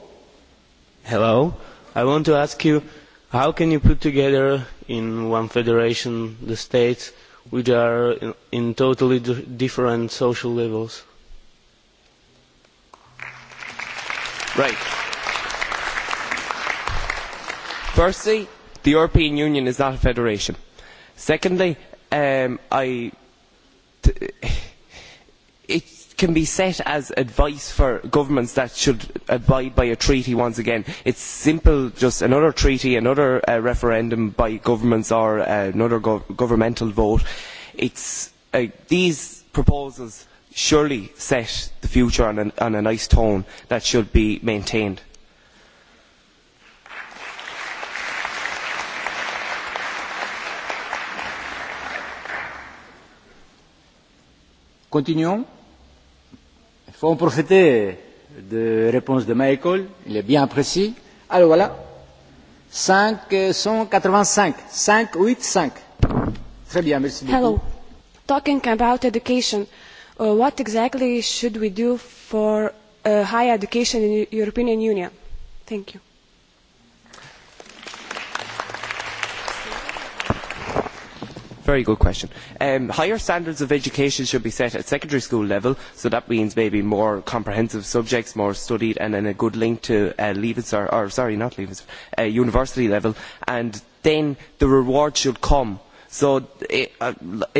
Hello. I want to ask you, how can you put together in one federation the states which are in, totally different social levels? Right. Firstly, the European Union is not a federation. Secondly, um, I it can be set as advice for governments that should abide by a treaty once again. It is simple, just another treaty, another referendum by governments or another governmental vote. these proposals surely set the future on a nice tone that should be maintained. Continuons Il faut en profiter de réponse de Michael, il est bien précis. Alors voilà, 585, 585. Très bien, merci beaucoup. Hello. Talking about education, uh, what exactly should we do for uh, higher education in the European Union? Thank you. very good question. higher standards of education should be set at secondary school level, so that means maybe more comprehensive subjects, more studied, and then a good link to uh, Leavens or, or sorry, not Leavens, uh, university level. And then the reward should come. So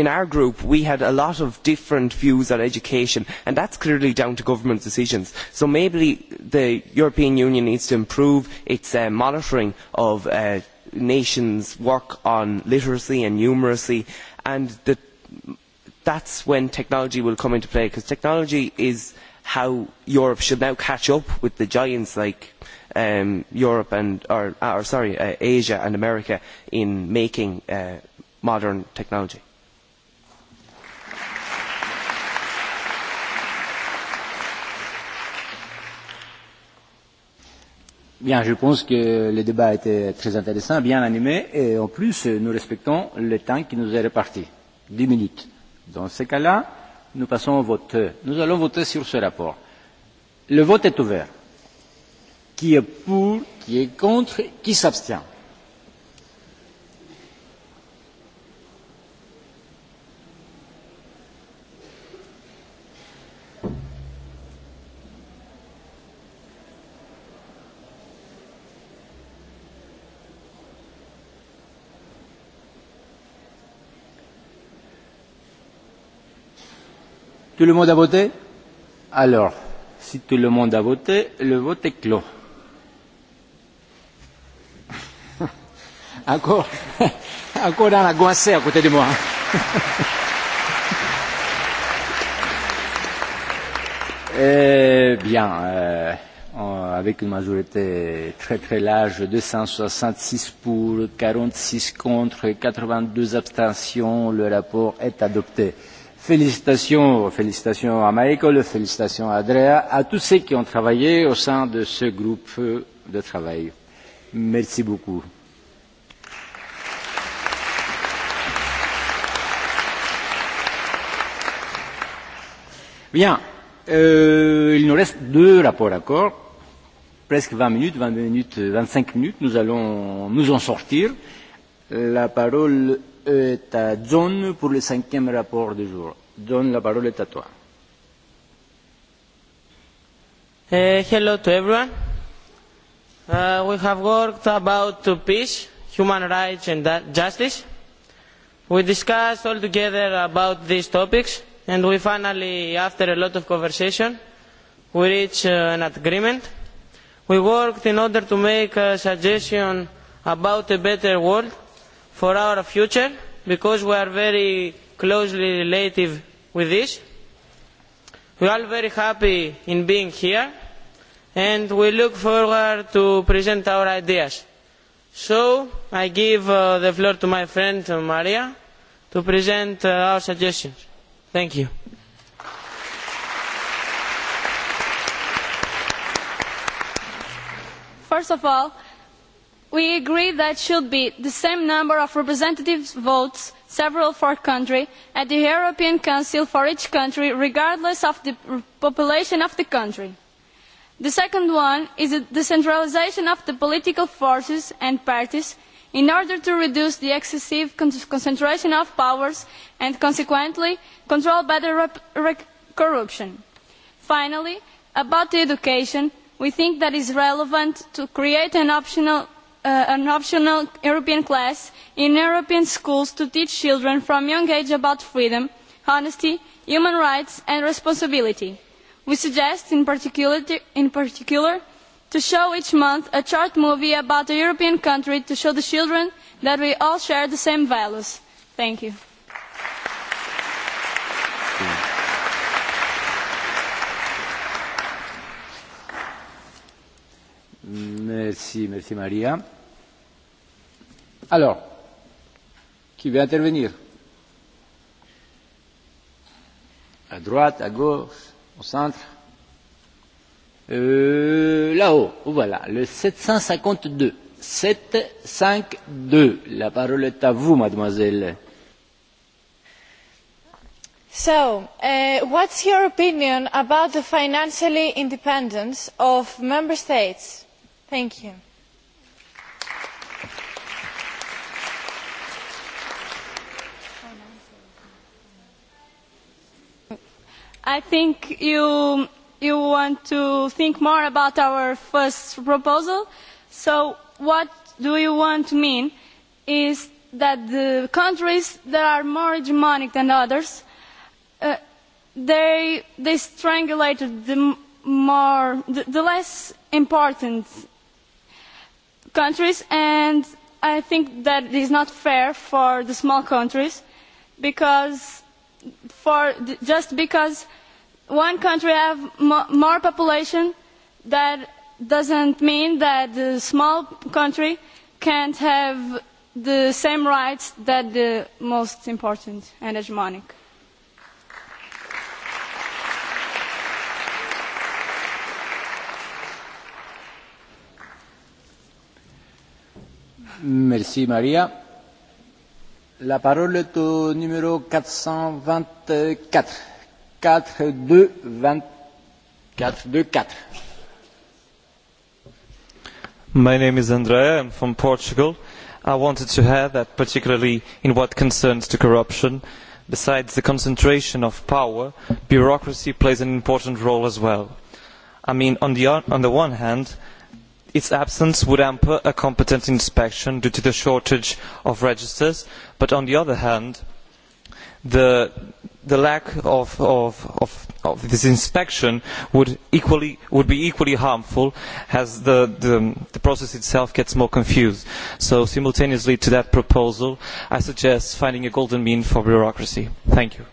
in our group, we had a lot of different views on education, and that is clearly down to government decisions. So maybe the European Union needs to improve its monitoring of nations work on literacy and numeracy, and that that's when technology will come into play, because technology is how Europe should now catch up with the giants like um, Europe and, or, or sorry, uh, Asia and America in making uh, modern technology. Bien, je pense que le débat a été très intéressant, bien animé, et en plus, nous respectons le temps qui nous est réparti. Dix minutes. Dans ce cas-là, nous passons au vote. Nous allons voter sur ce rapport. Le vote est ouvert. Qui est pour Qui est contre Qui s'abstient Tout le monde a voté Alors, si tout le monde a voté, le vote est clos. Encore, encore dans la goinsée à côté de moi. Eh bien, euh, avec une majorité très très large, 266 pour, 46 contre, 82 abstentions, le rapport est adopté. Félicitations, félicitations à Michael, félicitations à Andrea, à tous ceux qui ont travaillé au sein de ce groupe de travail. Merci beaucoup. Bien, euh, il nous reste deux rapports d'accord, presque 20 minutes, 20 minutes, 25 minutes, nous allons nous en sortir. La parole est à John pour le cinquième rapport du jour. John, la parole est à toi. Uh, hello to everyone. Uh, we have worked about peace, human rights and justice. We discussed all together about these topics and we finally, after a lot of conversation, we reached uh, an agreement. We worked in order to make a suggestion about a better world for our future because we are very closely related with this. We are very happy in being here and we look forward to present our ideas. So I give uh, the floor to my friend uh, Maria to present uh, our suggestions. Thank you. First of all, we agree that there should be the same number of representative votes several for country at the european council for each country regardless of the population of the country. the second one is the decentralisation of the political forces and parties in order to reduce the excessive concentration of powers and consequently control better corruption. finally about education we think that it is relevant to create an optional an optional European class in European schools to teach children from a young age about freedom, honesty, human rights and responsibility. We suggest in particular, to show each month a short movie about a European country to show the children that we all share the same values. Thank you. Merci, merci Maria. Alors, qui veut intervenir À droite, à gauche, au centre euh, Là-haut, voilà, le 752. 752. La parole est à vous, mademoiselle. So, uh, what's your opinion about the financial independence of member states? Thank you. I think you you want to think more about our first proposal. So what do you want to mean is that the countries that are more hegemonic than others, uh, they they strangulated the more the, the less important countries and I think that it is not fair for the small countries because for just because one country has more population that doesn't mean that the small country can't have the same rights that the most important and hegemonic. La parole est au numéro My name is Andrea. am from Portugal. I wanted to add that particularly in what concerns to corruption, besides the concentration of power, bureaucracy plays an important role as well. I mean, on the, on the one hand, Its absence would hamper a competent inspection due to the shortage of registers, but on the other hand, the, lack of, this inspection would, be equally harmful as the, process itself gets more confused. So simultaneously to that proposal, I suggest finding a golden mean for bureaucracy. Thank you.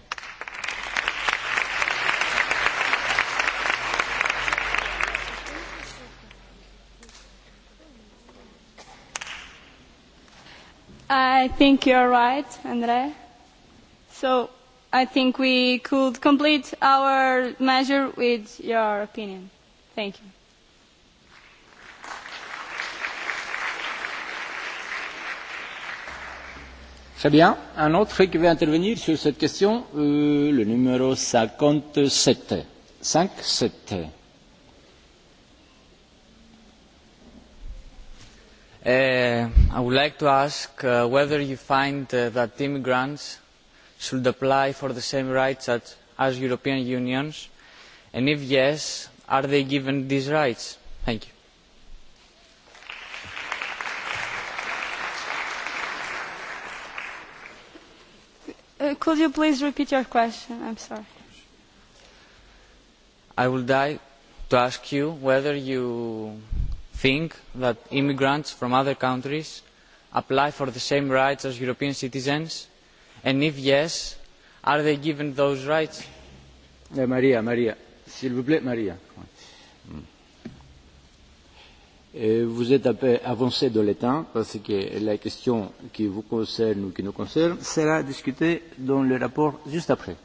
I think you're right, André. So I think we could complete our measure with your opinion. Thank you. Très bien. Un autre qui veut intervenir sur cette question, euh, le numéro 57. 57. I would like to ask whether you find that immigrants should apply for the same rights as European unions, and if yes, are they given these rights? Thank you. could you please repeat your question? sorry. I would like to ask you whether you think that immigrants from other countries apply for the same rights as european citizens and if yes are they given those rights? vous êtes un peu avancé dans le temps parce que la question qui vous concerne ou qui nous concerne sera discutée dans le rapport juste après.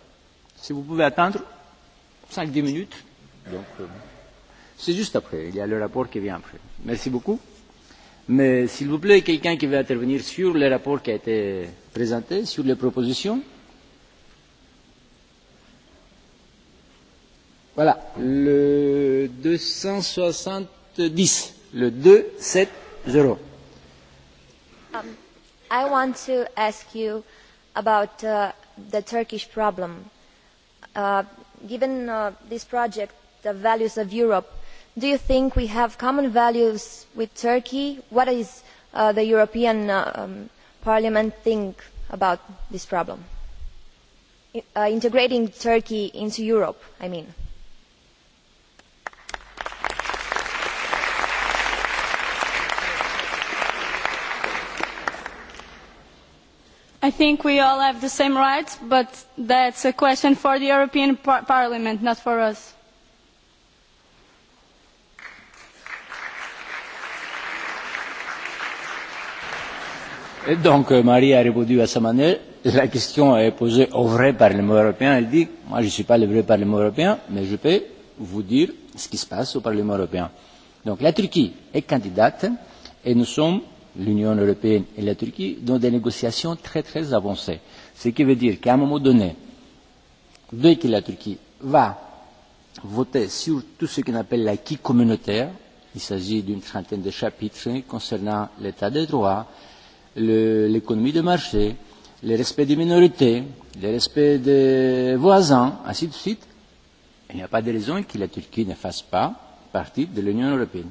Si vous pouvez attendre cinq dix minutes. Donc, C'est juste après. Il y a le rapport qui vient après. Merci beaucoup. Mais s'il vous plaît, quelqu'un qui veut intervenir sur le rapport qui a été présenté, sur les propositions Voilà, le 270, le 270. Um, I want to ask you about uh, the Turkish problem. Uh, given uh, this project, the values of Europe, do you think we have common values with turkey? what does the european parliament think about this problem integrating turkey into europe i mean? I think we all have the same rights, but that's a question for the European Parliament, not for us. Donc Marie a répondu à sa manière. La question est posée au vrai Parlement européen. Elle dit Moi, je ne suis pas le vrai Parlement européen, mais je peux vous dire ce qui se passe au Parlement européen. Donc la Turquie est candidate et nous sommes, l'Union européenne et la Turquie, dans des négociations très très avancées. Ce qui veut dire qu'à un moment donné, dès que la Turquie va voter sur tout ce qu'on appelle l'acquis communautaire, il s'agit d'une trentaine de chapitres concernant l'état des droits, l'économie de marché, le respect des minorités, le respect des voisins, ainsi de suite, il n'y a pas de raison que la Turquie ne fasse pas partie de l'Union européenne.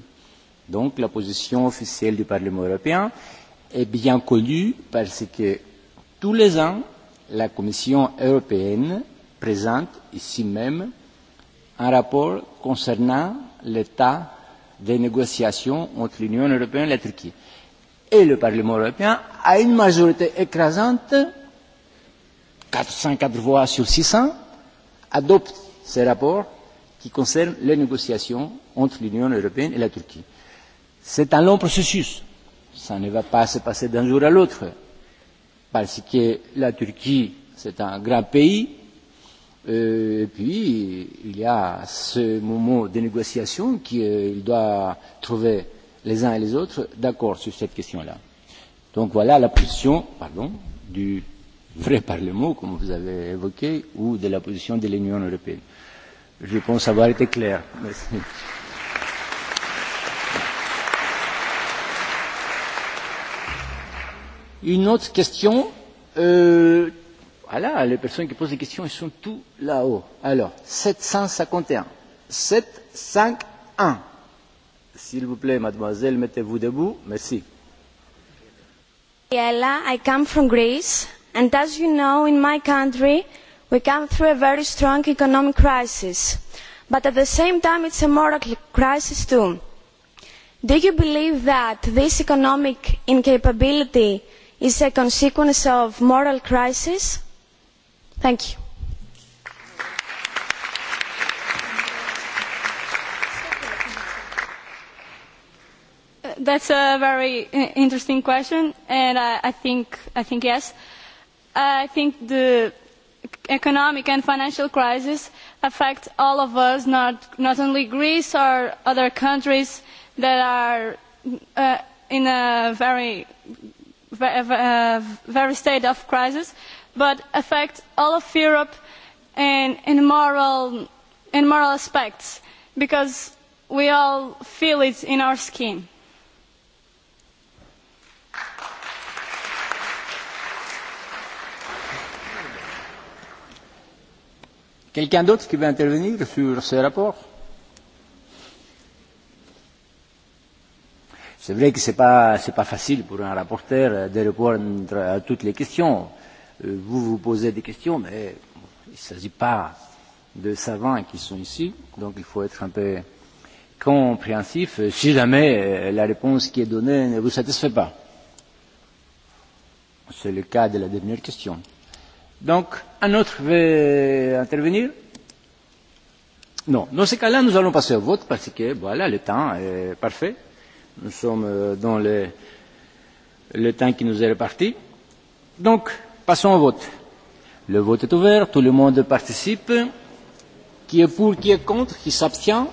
Donc la position officielle du Parlement européen est bien connue parce que tous les ans, la Commission européenne présente ici même un rapport concernant l'état des négociations entre l'Union européenne et la Turquie et le Parlement européen à une majorité écrasante, 404 voix sur 600, adopte ce rapport qui concerne les négociations entre l'Union européenne et la Turquie. C'est un long processus. Ça ne va pas se passer d'un jour à l'autre. Parce que la Turquie, c'est un grand pays. Et puis, il y a ce moment de négociation qu'il doit trouver les uns et les autres d'accord sur cette question-là. Donc voilà la position pardon, du vrai Parlement, comme vous avez évoqué, ou de la position de l'Union européenne. Je pense avoir été clair. Merci. Une autre question. Euh, voilà, les personnes qui posent des questions, elles sont tous là-haut. Alors, 751. 751. S'il vous plaît, mademoiselle, mettez-vous debout. Merci. Ella, I come from Greece, and as you know, in my country, we come through a very strong economic crisis. But at the same time, it's a moral crisis too. Do you believe that this economic incapability is a consequence of moral crisis? Thank you. that's a very interesting question, and I, I think I think yes. I think the economic and financial crisis affects all of us, not not only Greece or other countries that are uh, in a very very state of crisis, but affects all of Europe in in moral in moral aspects because we all feel it in our skin Quelqu'un d'autre qui veut intervenir sur ce rapport C'est vrai que ce n'est pas, pas facile pour un rapporteur de répondre à toutes les questions. Vous vous posez des questions, mais il ne s'agit pas de savants qui sont ici, donc il faut être un peu compréhensif si jamais la réponse qui est donnée ne vous satisfait pas. C'est le cas de la dernière question. Donc, un autre veut intervenir Non. Dans ce cas-là, nous allons passer au vote parce que, voilà, le temps est parfait. Nous sommes dans le, le temps qui nous est réparti. Donc, passons au vote. Le vote est ouvert, tout le monde participe. Qui est pour, qui est contre, qui s'abstient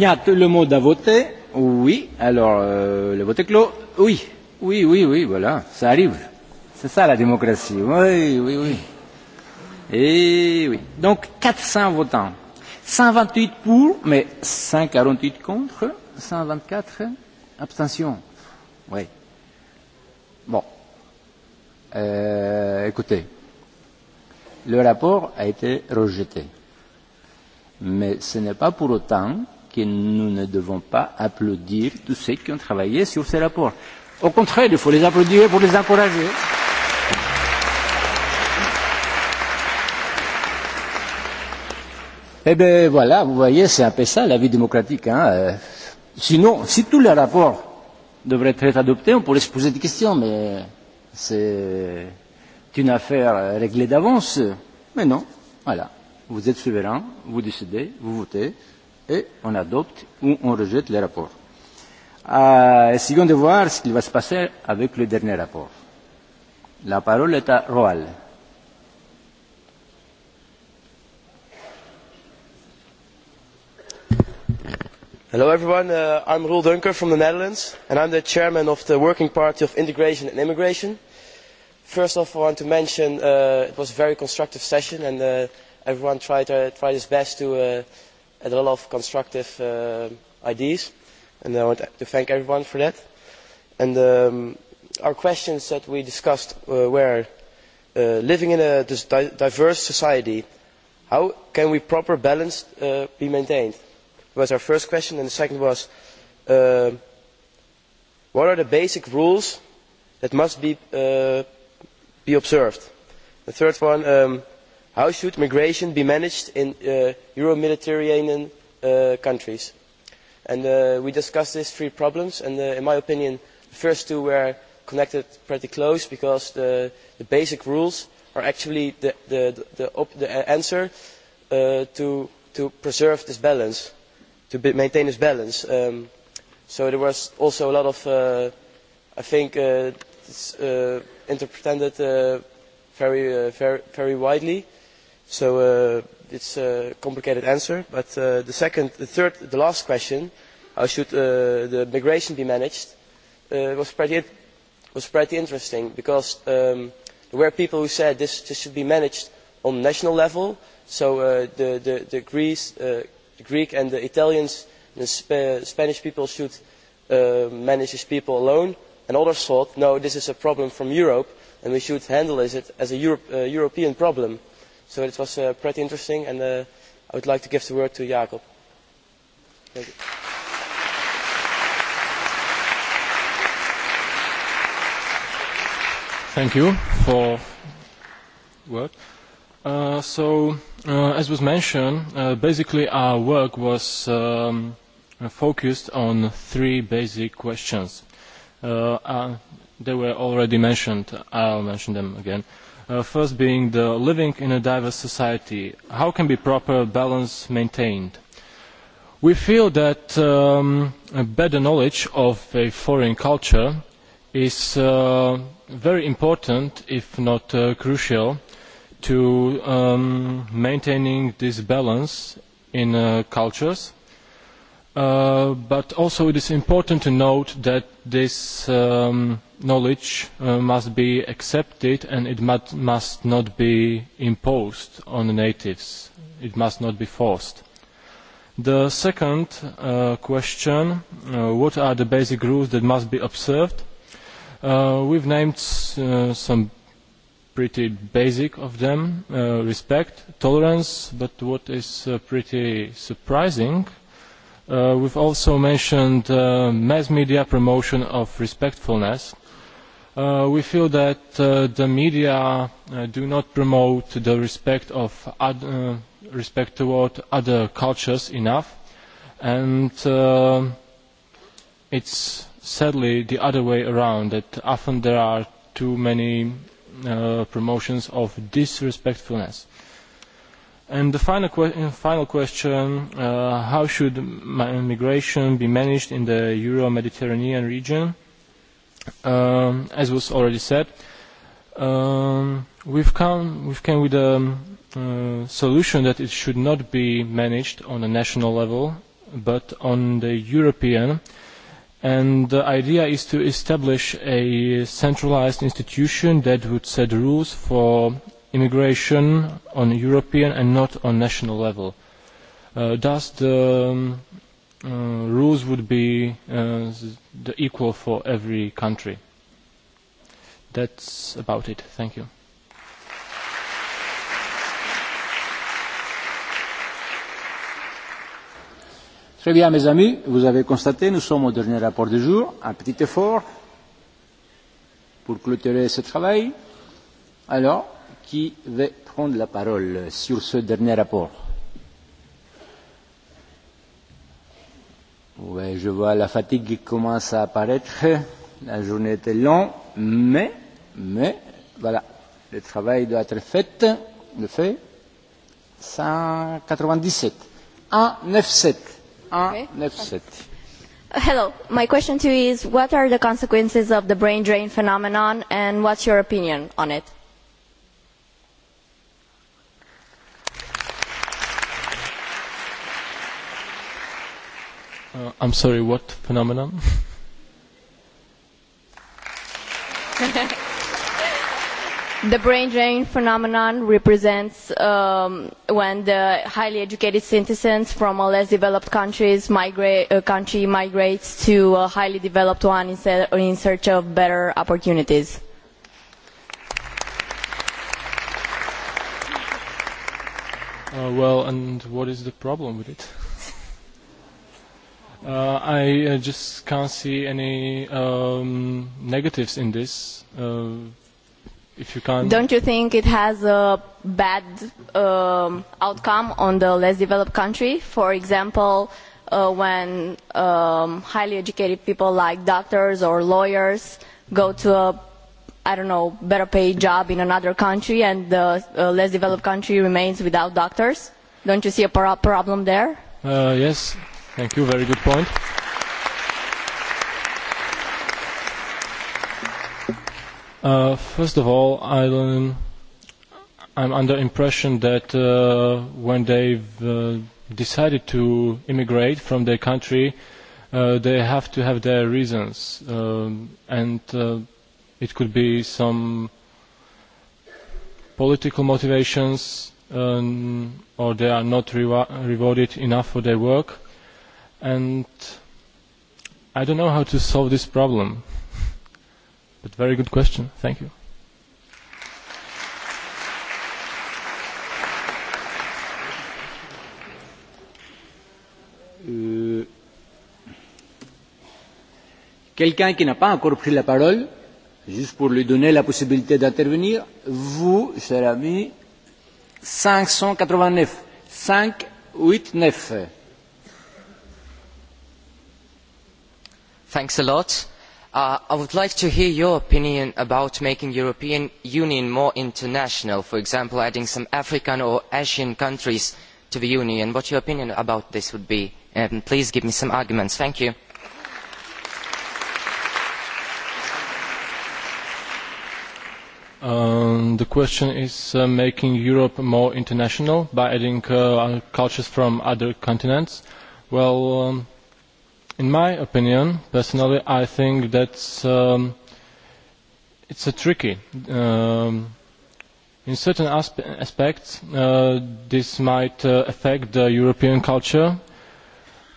Bien, le mot a voté. Oui. Alors, euh, le vote est clos. Oui. Oui, oui, oui, voilà. Ça arrive. C'est ça la démocratie. Oui, oui, oui. Et oui. Donc, 400 votants. 128 pour, mais 148 contre. 124 abstentions. Oui. Bon. Euh, écoutez, le rapport a été rejeté. Mais ce n'est pas pour autant que nous ne devons pas applaudir tous ceux qui ont travaillé sur ces rapports. Au contraire, il faut les applaudir pour les encourager. Eh bien voilà, vous voyez, c'est un peu ça la vie démocratique. Hein. Sinon, si tous les rapports devraient être adoptés, on pourrait se poser des questions, mais c'est une affaire réglée d'avance. Mais non, voilà. Vous êtes souverain, vous décidez, vous votez et on adopte ou on rejette les rapports. Euh, essayons de voir ce qui va se passer avec le dernier rapport. La parole est à Roal. Hello everyone, uh, I'm Roel Dunker from the Netherlands and I'm the chairman of the Working Party of Integration and Immigration. First off, I want to mention uh, it was a very constructive session and uh, everyone tried, uh, tried his best to uh, had a lot of constructive uh, ideas, and I want to thank everyone for that. And um, our questions that we discussed uh, were uh, living in a diverse society, how can we proper balance uh, be maintained? Was our first question, and the second was, uh, what are the basic rules that must be uh, be observed? The third one. Um, how should migration be managed in euro mediterranean countries? we discussed these three problems and in my opinion the first two were connected pretty close because the basic rules are actually the answer to preserve this balance to maintain this balance. so there was also a lot of i think interpreted very widely So it is a complicated answer. But the second, the third, the last question, how should uh, the migration be managed, was pretty interesting because there were people who said this, this should be managed on national level. So uh, the, the, the, Greece, uh, Greek and the Italians, the Spanish people should uh, manage these people alone. And others thought, no, this is a problem from Europe, and we should handle it as a European problem So it was uh, pretty interesting, and uh, I would like to give the word to Jacob. Thank you. Thank you for work. Uh, so, uh, as was mentioned, uh, basically our work was um, focused on three basic questions. Uh, uh, they were already mentioned. I'll mention them again. Uh, first being the living in a diverse society. How can be proper balance maintained? We feel that a better knowledge of a foreign culture is very important, if not crucial, to maintaining this balance in cultures but also it is important to note that this knowledge must be accepted and it must not be imposed on natives. It must not be forced. The second question, what are the basic rules that must be observed? We have named some pretty basic of them, respect, tolerance, but what is pretty surprising Uh, we've also mentioned uh, mass media promotion of respectfulness. Uh, we feel that uh, the media uh, do not promote the respect of ad, uh, respect toward other cultures enough, and uh, it's sadly the other way around. That often there are too many uh, promotions of disrespectfulness. Uh, And the final, que final question, uh, how should migration be managed in the Euro-Mediterranean region? Um, as was already said, um, we've, come, we've come with a um, uh, solution that it should not be managed on a national level, but on the European. And the idea is to establish a centralized institution that would set rules for immigration on European and not on national level. thus, the rules would be the equal for every country. That's about it. Thank you. Très bien, mes amis, vous avez constaté, nous sommes au dernier rapport du jour. Un petit effort pour clôturer ce travail. Alors, qui veut prendre la parole sur ce dernier rapport Oui, je vois la fatigue qui commence à apparaître. La journée était longue, mais, mais, voilà, le travail doit être fait. Le fait 197. 197. 197. Hello, my question to you is what are the consequences of the brain drain phenomenon and what's your opinion on it? Uh, I'm sorry, what phenomenon? the brain drain phenomenon represents um, when the highly educated citizens from a less developed countries migrate, uh, country migrates to a highly developed one in, se- in search of better opportunities. Uh, well, and what is the problem with it? Uh, I uh, just can't see any um, negatives in this. Uh, if you can't. Don't you think it has a bad um, outcome on the less developed country? For example, uh, when um, highly educated people like doctors or lawyers go to a I don't know, better paid job in another country and the uh, less developed country remains without doctors? Don't you see a pro problem there? Uh, yes, Thank you. Very good point. Uh, first of all, I don't, I'm under impression that uh, when they've uh, decided to immigrate from their country, uh, they have to have their reasons, um, and uh, it could be some political motivations, um, or they are not rewarded enough for their work and I don't know how to solve this problem. But very good question. Thank you. Quelqu'un qui n'a pas encore pris la parole, juste pour lui donner la possibilité d'intervenir, vous, cher ami, 589, 589. Thanks a lot. I would like to hear your opinion about making the European Union more international, for example, adding some African or Asian countries to the Union. What your opinion about this would be, and please give me some arguments. Thank you. the question is making Europe more international by adding cultures from other continents. Well, in my opinion, personally, I think that um, it's a tricky. Um, in certain aspe aspects, uh, this might uh, affect the European culture,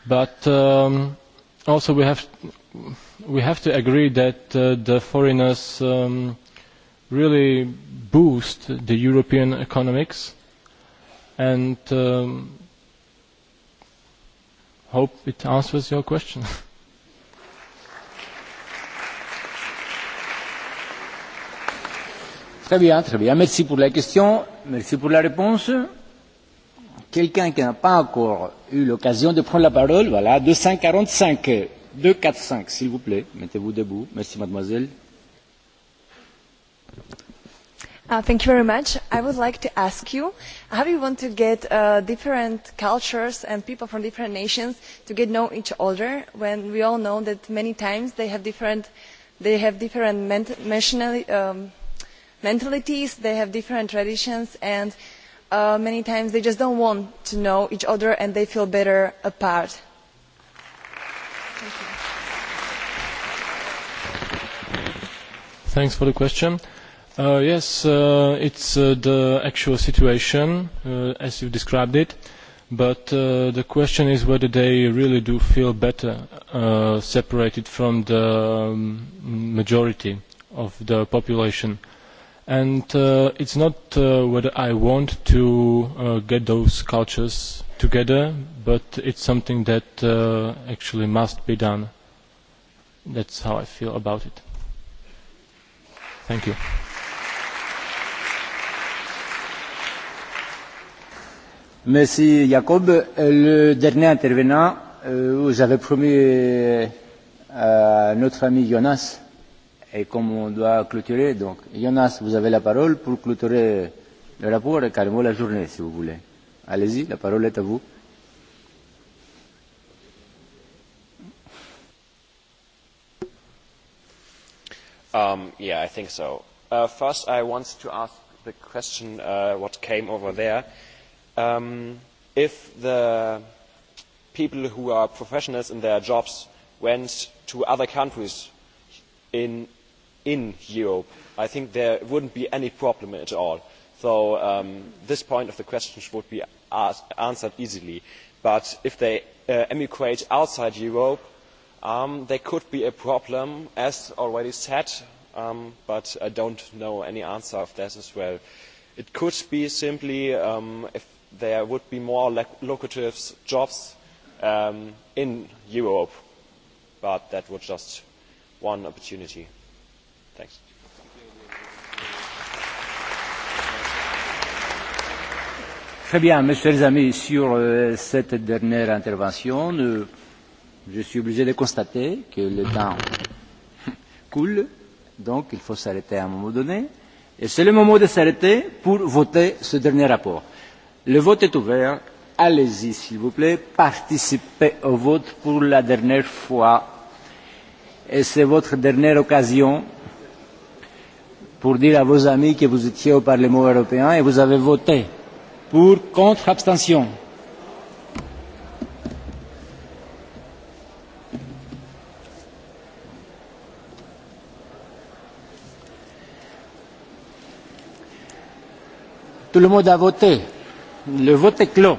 but um, also we have we have to agree that uh, the foreigners um, really boost the European economics, and um, Hope it answers your question. Très bien, très bien. Merci pour la question, merci pour la réponse. Quelqu'un qui n'a pas encore eu l'occasion de prendre la parole, voilà, 245, 245, s'il vous plaît, mettez-vous debout. Merci, mademoiselle thank you very much. I would like to ask you, how you want to get uh, different cultures and people from different nations to get know each other when we all know that many times they have different, they have different ment um, mentalities, they have different traditions, and uh, many times they just don't want to know each other and they feel better apart. Thanks for the question Uh, yes, uh, it's uh, the actual situation uh, as you described it, but uh, the question is whether they really do feel better uh, separated from the um, majority of the population. And uh, it's not uh, whether I want to uh, get those cultures together, but it's something that uh, actually must be done. That's how I feel about it. Thank you. Monsieur Jacob. Le dernier intervenant, vous avez promis à notre ami Jonas, et comme on doit clôturer, donc Jonas, vous avez la parole pour clôturer le rapport et carrément la journée, si vous voulez. Allez-y, la parole est à vous. Um, yeah, I think so. Uh, first, I want to ask the question uh, what came over there if the people who are professionals in their jobs went to other countries in europe i think there would not be any problem at all so this point of the question would be answered easily but if they emigrate outside europe there could be a problem as already said but i do not know any answer to that as well. it could be simply there would be more lucrative jobs in Europe, but that was just one opportunity. Thanks. Très bien, mes chers amis, sur cette dernière intervention, je suis obligé de constater que le temps coule, donc il faut s'arrêter à un moment donné. Et c'est le moment de s'arrêter pour voter ce dernier rapport. Le vote est ouvert. Allez-y, s'il vous plaît. Participez au vote pour la dernière fois. Et c'est votre dernière occasion pour dire à vos amis que vous étiez au Parlement européen et vous avez voté pour, contre, abstention. Tout le monde a voté. Le vote est clos.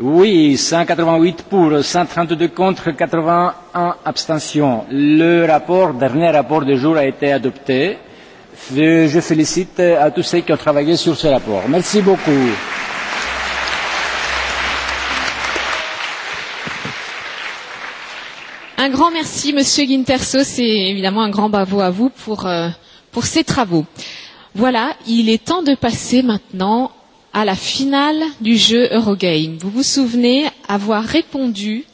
Oui, 188 pour, 132 contre, 81 abstentions. Le rapport, dernier rapport du jour a été adopté. Je félicite à tous ceux qui ont travaillé sur ce rapport. Merci beaucoup. Un grand merci, Monsieur Guintersos, et évidemment un grand bravo à vous pour, euh, pour ces travaux. Voilà, il est temps de passer maintenant à la finale du jeu Eurogame. Vous vous souvenez avoir répondu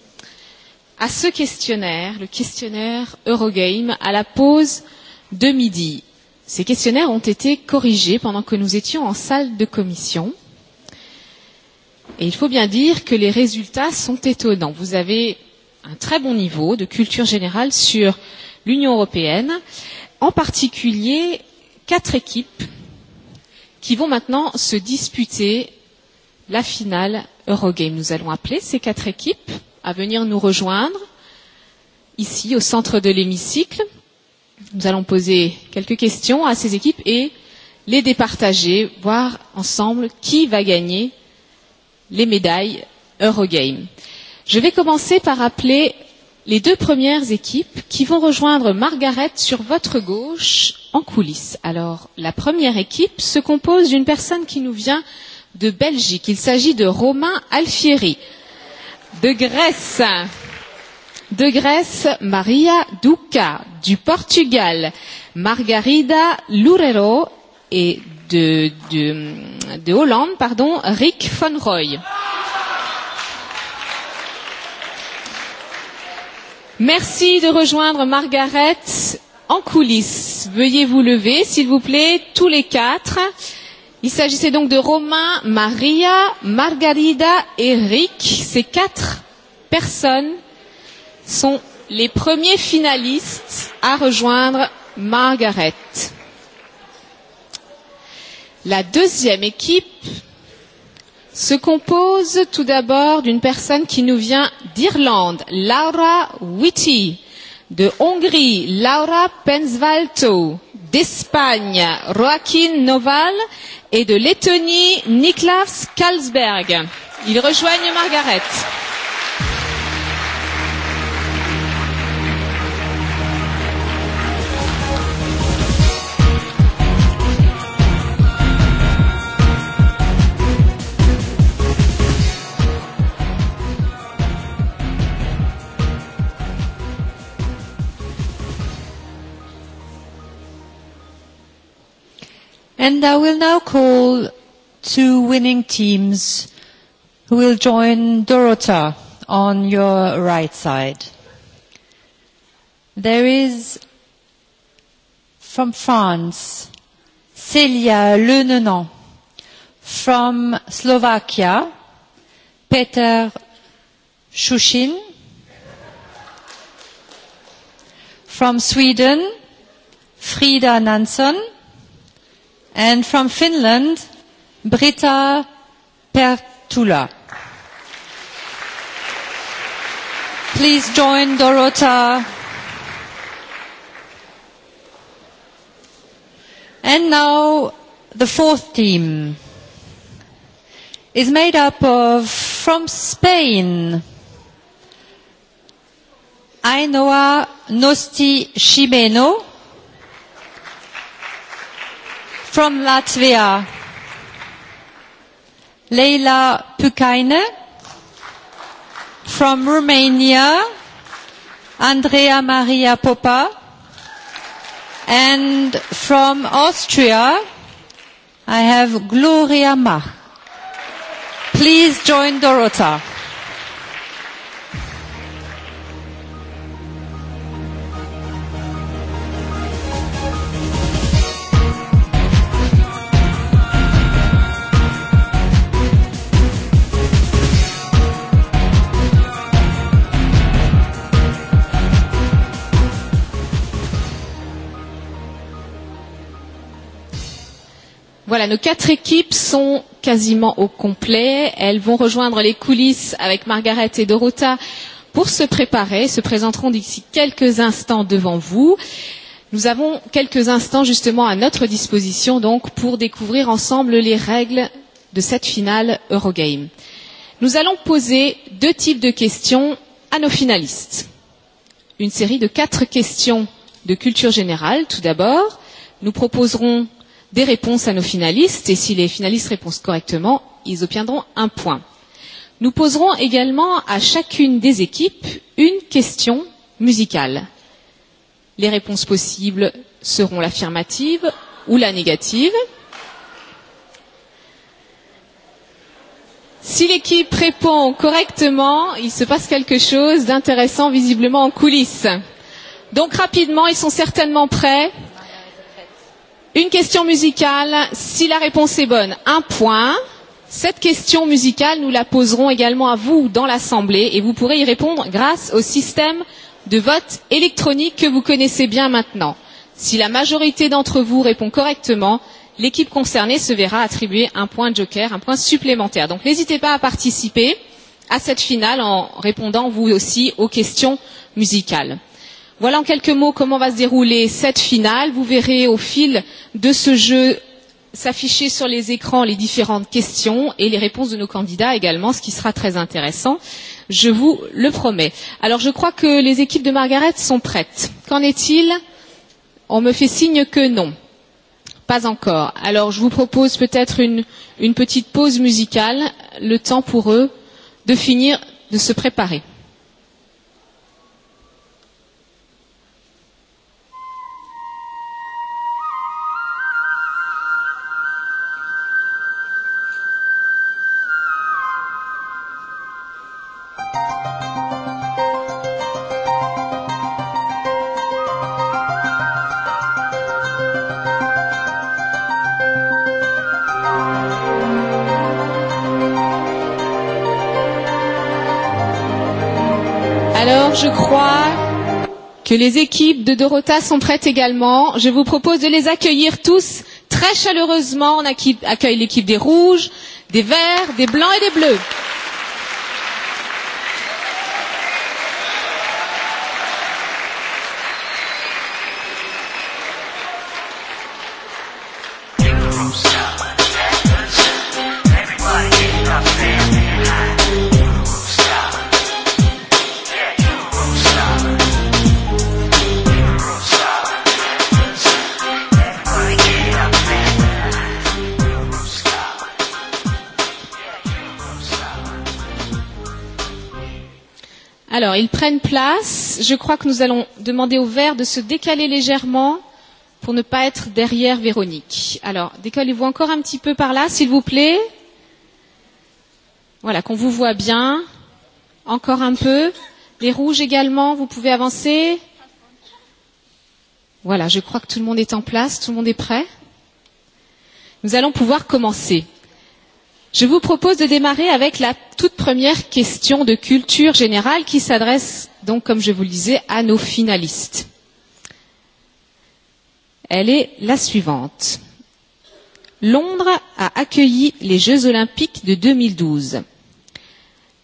à ce questionnaire, le questionnaire Eurogame, à la pause de midi. Ces questionnaires ont été corrigés pendant que nous étions en salle de commission. Et il faut bien dire que les résultats sont étonnants. Vous avez un très bon niveau de culture générale sur l'Union européenne, en particulier quatre équipes qui vont maintenant se disputer la finale Eurogame. Nous allons appeler ces quatre équipes à venir nous rejoindre ici au centre de l'hémicycle. Nous allons poser quelques questions à ces équipes et les départager, voir ensemble qui va gagner les médailles Eurogame. Je vais commencer par appeler les deux premières équipes qui vont rejoindre Margaret sur votre gauche en coulisses. Alors, la première équipe se compose d'une personne qui nous vient de Belgique. Il s'agit de Romain Alfieri. De Grèce. De Grèce, Maria Duca. Du Portugal, Margarida Lurero Et de, de, de Hollande, pardon, Rick von Roy. Merci de rejoindre Margaret en coulisses. Veuillez vous lever, s'il vous plaît, tous les quatre. Il s'agissait donc de Romain, Maria, Margarida et Rick. Ces quatre personnes sont les premiers finalistes à rejoindre Margaret. La deuxième équipe se compose tout d'abord d'une personne qui nous vient d'Irlande, Laura Whitty de Hongrie, Laura Penzvalto, d'Espagne, Joaquin Noval et de Lettonie, Niklas Kalsberg. Ils rejoignent Margaret. And I will now call two winning teams who will join Dorota on your right side. There is from France, Celia Lenenon. From Slovakia, Peter Shushin. From Sweden, Frida Nansson And from Finland, Britta Pertula. Please join Dorota. And now the fourth team is made up of from Spain, Ainoa Nosti Shimeno from Latvia. Leila Pukaine from Romania. Andrea Maria Popa. And from Austria, I have Gloria Mach. Please join Dorota. Voilà, nos quatre équipes sont quasiment au complet. Elles vont rejoindre les coulisses avec Margaret et Dorota pour se préparer, se présenteront d'ici quelques instants devant vous. Nous avons quelques instants justement à notre disposition donc pour découvrir ensemble les règles de cette finale Eurogame. Nous allons poser deux types de questions à nos finalistes. Une série de quatre questions de culture générale tout d'abord. Nous proposerons des réponses à nos finalistes et si les finalistes répondent correctement, ils obtiendront un point. Nous poserons également à chacune des équipes une question musicale. Les réponses possibles seront l'affirmative ou la négative. Si l'équipe répond correctement, il se passe quelque chose d'intéressant visiblement en coulisses. Donc rapidement, ils sont certainement prêts. Une question musicale, si la réponse est bonne, un point. Cette question musicale, nous la poserons également à vous dans l'Assemblée et vous pourrez y répondre grâce au système de vote électronique que vous connaissez bien maintenant. Si la majorité d'entre vous répond correctement, l'équipe concernée se verra attribuer un point joker, un point supplémentaire. Donc n'hésitez pas à participer à cette finale en répondant vous aussi aux questions musicales. Voilà en quelques mots comment va se dérouler cette finale. Vous verrez au fil de ce jeu s'afficher sur les écrans les différentes questions et les réponses de nos candidats également, ce qui sera très intéressant, je vous le promets. Alors je crois que les équipes de Margaret sont prêtes. Qu'en est-il On me fait signe que non. Pas encore. Alors je vous propose peut-être une, une petite pause musicale, le temps pour eux de finir de se préparer. je crois que les équipes de Dorota sont prêtes également. Je vous propose de les accueillir tous très chaleureusement. On accueille l'équipe des rouges, des verts, des blancs et des bleus. Alors, ils prennent place. Je crois que nous allons demander au vert de se décaler légèrement pour ne pas être derrière Véronique. Alors, décalez-vous encore un petit peu par là, s'il vous plaît. Voilà, qu'on vous voit bien. Encore un peu. Les rouges également, vous pouvez avancer. Voilà, je crois que tout le monde est en place, tout le monde est prêt. Nous allons pouvoir commencer. Je vous propose de démarrer avec la toute première question de culture générale qui s'adresse donc, comme je vous le disais, à nos finalistes. Elle est la suivante. Londres a accueilli les Jeux olympiques de 2012.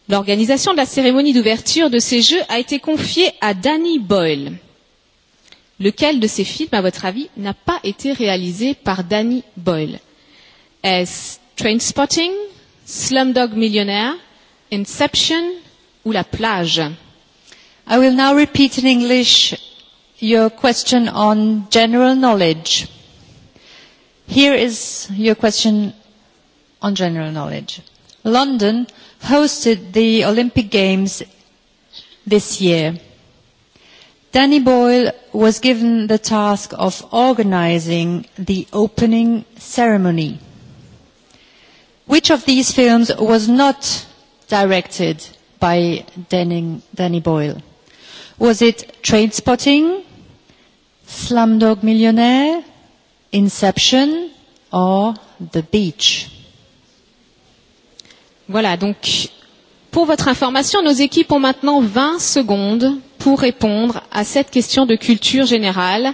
L'organisation de la cérémonie d'ouverture de ces Jeux a été confiée à Danny Boyle. Lequel de ces films, à votre avis, n'a pas été réalisé par Danny Boyle Est-ce Train Spotting, Slumdog Millionaire, Inception ou La Plage. I will now repeat in English your question on general knowledge. Here is your question on general knowledge. London hosted the Olympic Games this year. Danny Boyle was given the task of organizing the opening ceremony. Which of these films was not directed by Denning, Danny Boyle? Was it Train Spotting, Slumdog Millionaire, Inception or The Beach? Voilà, donc pour votre information, nos équipes ont maintenant 20 secondes pour répondre à cette question de culture générale.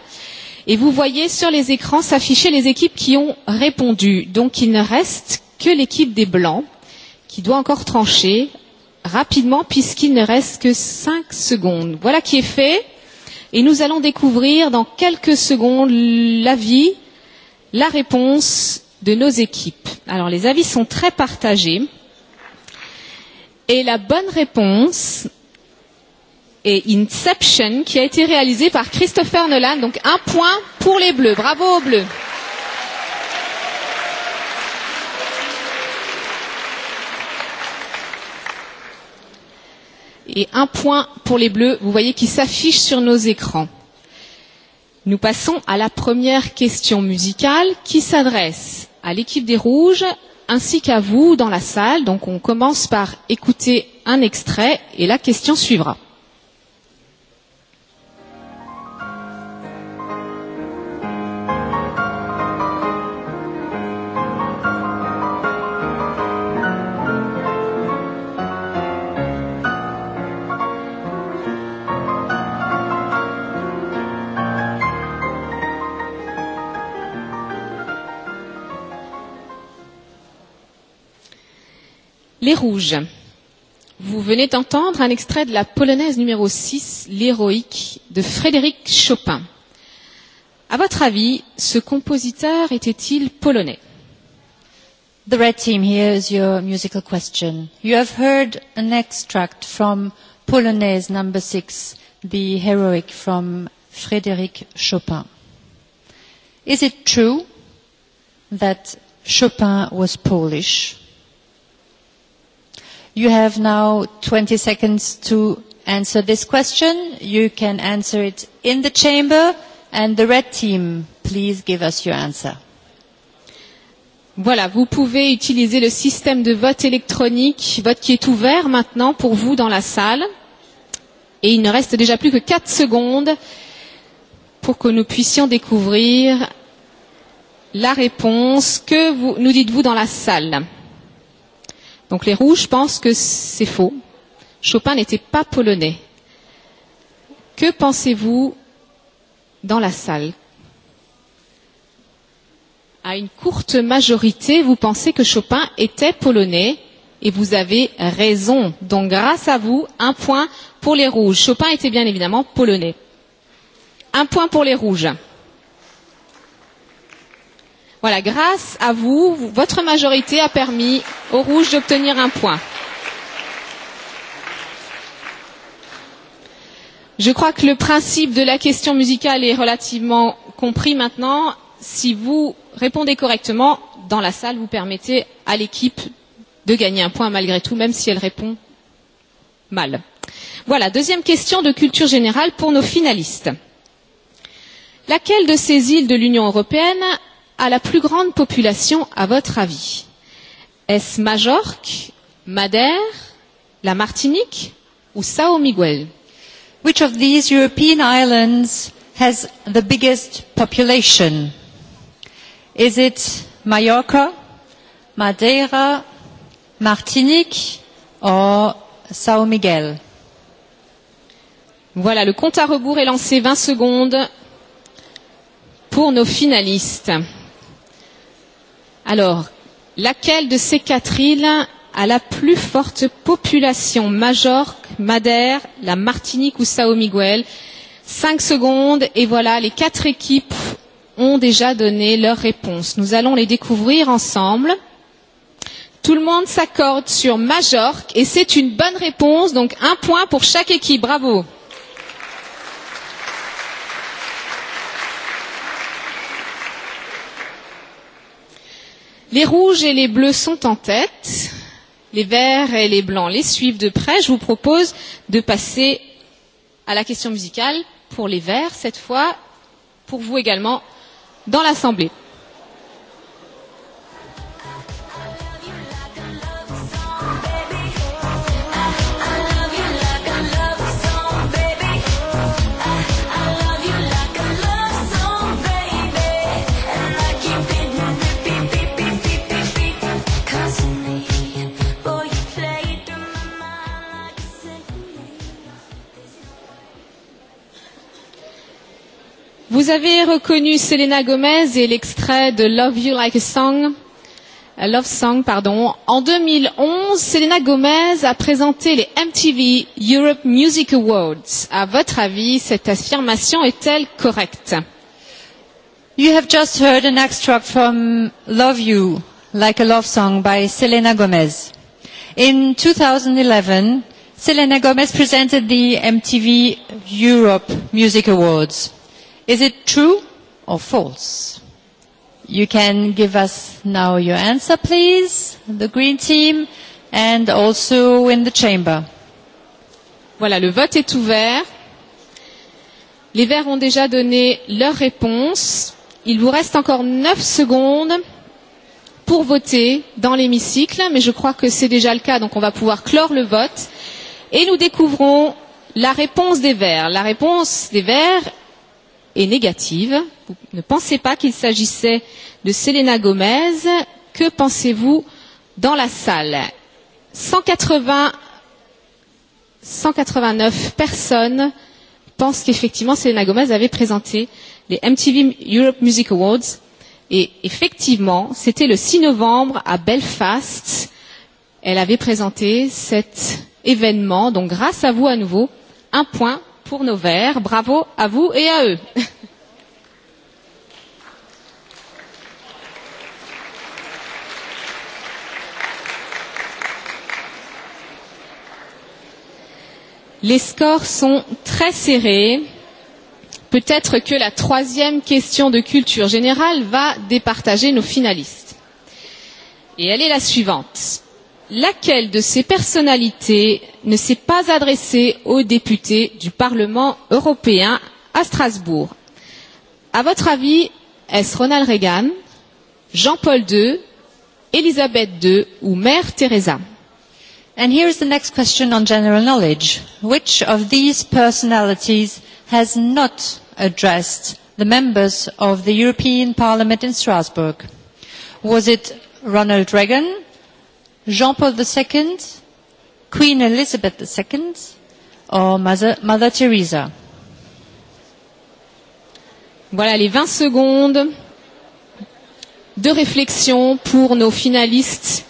Et vous voyez sur les écrans s'afficher les équipes qui ont répondu. Donc il ne reste que l'équipe des Blancs, qui doit encore trancher rapidement puisqu'il ne reste que 5 secondes. Voilà qui est fait. Et nous allons découvrir dans quelques secondes l'avis, la réponse de nos équipes. Alors les avis sont très partagés. Et la bonne réponse est Inception qui a été réalisée par Christopher Nolan. Donc un point pour les Bleus. Bravo aux Bleus. et un point pour les bleus, vous voyez, qui s'affiche sur nos écrans. Nous passons à la première question musicale qui s'adresse à l'équipe des rouges ainsi qu'à vous dans la salle. Donc on commence par écouter un extrait et la question suivra. Les Rouges. Vous venez d'entendre un extrait de la polonaise numéro 6, L'héroïque, de Frédéric Chopin. À votre avis, ce compositeur était-il polonais The red team, here is your musical question. You have heard an extract from Polonaise number 6, The Heroic from Frédéric Chopin. Is it true that Chopin was Polish? You have now 20 seconds to answer this question. You can answer it in the chamber. And the red team, please give us your answer. Voilà, vous pouvez utiliser le système de vote électronique, vote qui est ouvert maintenant pour vous dans la salle. Et il ne reste déjà plus que 4 secondes pour que nous puissions découvrir la réponse. Que vous, nous dites-vous dans la salle Donc les rouges pensent que c'est faux. Chopin n'était pas polonais. Que pensez-vous dans la salle À une courte majorité, vous pensez que Chopin était polonais et vous avez raison. Donc grâce à vous, un point pour les rouges. Chopin était bien évidemment polonais. Un point pour les rouges. Voilà, grâce à vous, votre majorité a permis aux rouges d'obtenir un point. Je crois que le principe de la question musicale est relativement compris maintenant. Si vous répondez correctement, dans la salle, vous permettez à l'équipe de gagner un point malgré tout, même si elle répond mal. Voilà, deuxième question de culture générale pour nos finalistes. Laquelle de ces îles de l'Union européenne à la plus grande population à votre avis Est-ce Majorque, Madère, la Martinique ou Sao Miguel Which of these European islands has the biggest population Is it Mallorca, Madeira, Martinique or Sao Miguel Voilà, le compte à rebours est lancé 20 secondes pour nos finalistes. Alors, laquelle de ces quatre îles a la plus forte population Majorque, Madère, la Martinique ou Sao Miguel Cinq secondes et voilà, les quatre équipes ont déjà donné leur réponse. Nous allons les découvrir ensemble. Tout le monde s'accorde sur Majorque et c'est une bonne réponse, donc un point pour chaque équipe. Bravo. Les rouges et les bleus sont en tête. Les verts et les blancs les suivent de près. Je vous propose de passer à la question musicale pour les verts cette fois, pour vous également dans l'Assemblée. Vous avez reconnu Selena Gomez et l'extrait de Love You Like a Song. Love Song, pardon. En 2011, Selena Gomez a présenté les MTV Europe Music Awards. À votre avis, cette affirmation est-elle correcte? You have just heard an extract from Love You, like a love song by Selena Gomez. In 2011, Selena Gomez presented the MTV Europe Music Awards. Is it true or false? You can give us now your answer, please, the green team, and also in the chamber. Voilà, le vote est ouvert. Les verts ont déjà donné leur réponse. Il vous reste encore 9 secondes pour voter dans l'hémicycle, mais je crois que c'est déjà le cas, donc on va pouvoir clore le vote. Et nous découvrons la réponse des verts. La réponse des verts est négative. Vous ne pensez pas qu'il s'agissait de Selena Gomez. Que pensez-vous dans la salle 180, 189 personnes pensent qu'effectivement Selena Gomez avait présenté les MTV Europe Music Awards. Et effectivement, c'était le 6 novembre à Belfast. Elle avait présenté cet événement. Donc grâce à vous à nouveau, un point pour nos verts. Bravo à vous et à eux. Les scores sont très serrés. Peut-être que la troisième question de culture générale va départager nos finalistes. Et elle est la suivante. Laquelle de ces personnalités ne s'est pas adressée aux députés du Parlement européen à Strasbourg À votre avis, est-ce Ronald Reagan, Jean-Paul II, Elisabeth II ou Mère Teresa And here is the next question on general knowledge. Which of these personalities has not addressed the members of the European Parliament in Strasbourg? Was it Ronald Reagan, Jean Paul II, Queen Elizabeth II, or Mother, Mother Teresa. Voilà les 20 secondes de réflexion pour nos finalistes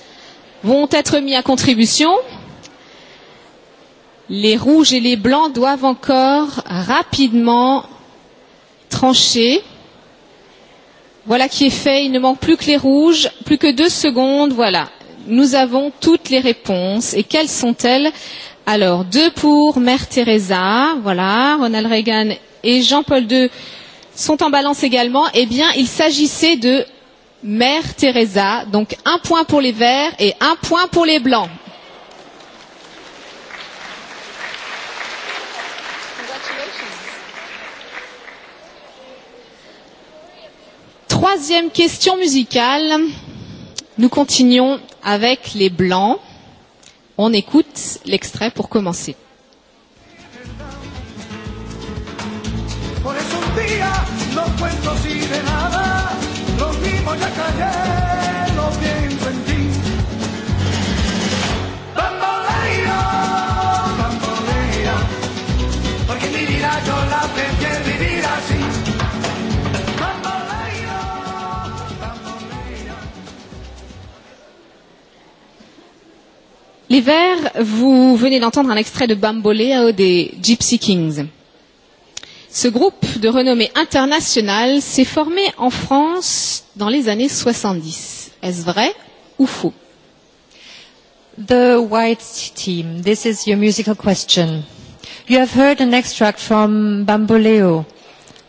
vont être mis à contribution. Les rouges et les blancs doivent encore rapidement trancher. Voilà qui est fait. Il ne manque plus que les rouges. Plus que deux secondes. Voilà. Nous avons toutes les réponses. Et quelles sont-elles Alors, deux pour Mère Teresa, voilà, Ronald Reagan et Jean-Paul II sont en balance également. Eh bien, il s'agissait de Mère Teresa. Donc, un point pour les verts et un point pour les blancs. Troisième question musicale. Nous continuons avec les blancs. On écoute l'extrait pour commencer. Por eso un día no cuento así de nada, lo vimos ya caer. Les vous venez d'entendre un extrait de Bamboleo des Gypsy Kings. Ce groupe de renommée internationale s'est formé en France dans les années 70. Est-ce vrai ou faux The White Team, this is your musical question. You have heard an extract from Bamboleo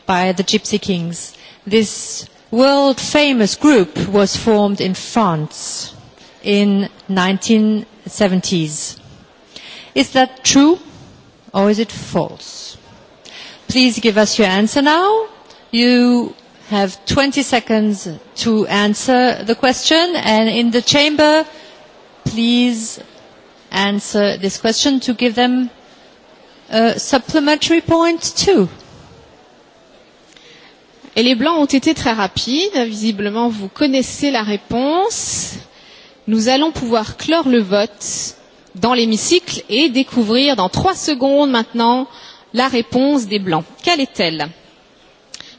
by the Gypsy Kings. This world famous group was formed in France in 19 70s. Is that true or is it false? Please give us your answer now. You have 20 seconds to answer the question and in the chamber, please answer this question to give them a supplementary point too. Et les blancs ont été très rapides. Visiblement, vous connaissez la réponse nous allons pouvoir clore le vote dans l'hémicycle et découvrir dans trois secondes maintenant la réponse des Blancs. Quelle est-elle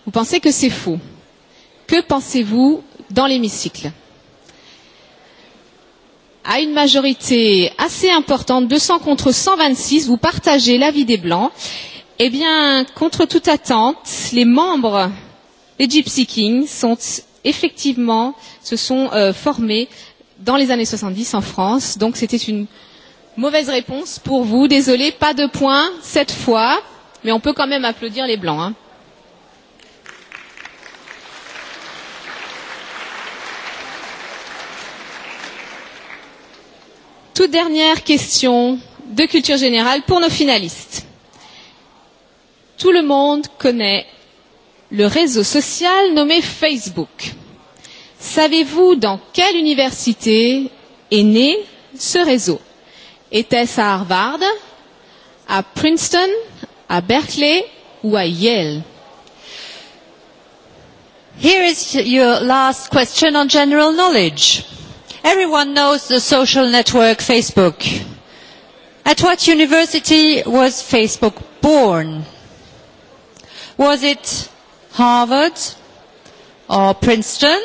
Vous pensez que c'est faux. Que pensez-vous dans l'hémicycle à une majorité assez importante, 200 contre 126, vous partagez l'avis des Blancs. Eh bien, contre toute attente, les membres des Gypsy Kings sont effectivement se sont euh, formés dans les années 70 en France. Donc c'était une mauvaise réponse pour vous. Désolé, pas de points cette fois, mais on peut quand même applaudir les blancs. Hein. Toute dernière question de culture générale pour nos finalistes. Tout le monde connaît le réseau social nommé Facebook. Savez-vous dans quelle université est né ce réseau Était-ce à Harvard, à Princeton, à Berkeley ou à Yale Here is your last question on general knowledge. Everyone knows the social network Facebook. At what university was Facebook born? Was it Harvard or Princeton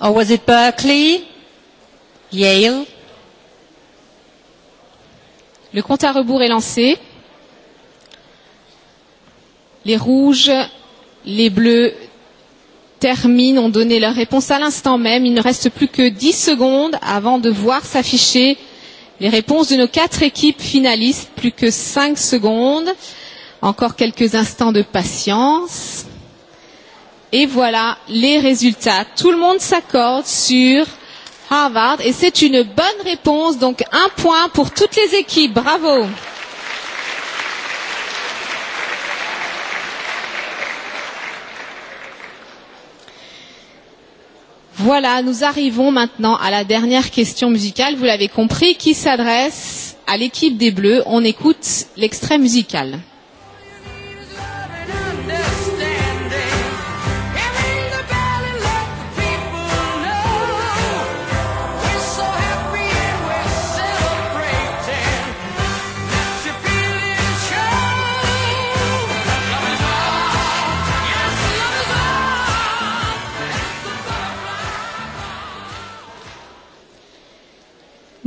Or was it Berkeley? Yale? Le compte à rebours est lancé. Les rouges, les bleus terminent, ont donné leur réponse à l'instant même. Il ne reste plus que 10 secondes avant de voir s'afficher les réponses de nos quatre équipes finalistes. Plus que 5 secondes. Encore quelques instants de patience. Et voilà les résultats. Tout le monde s'accorde sur Harvard et c'est une bonne réponse. Donc un point pour toutes les équipes. Bravo. Voilà, nous arrivons maintenant à la dernière question musicale, vous l'avez compris, qui s'adresse à l'équipe des Bleus. On écoute l'extrait musical.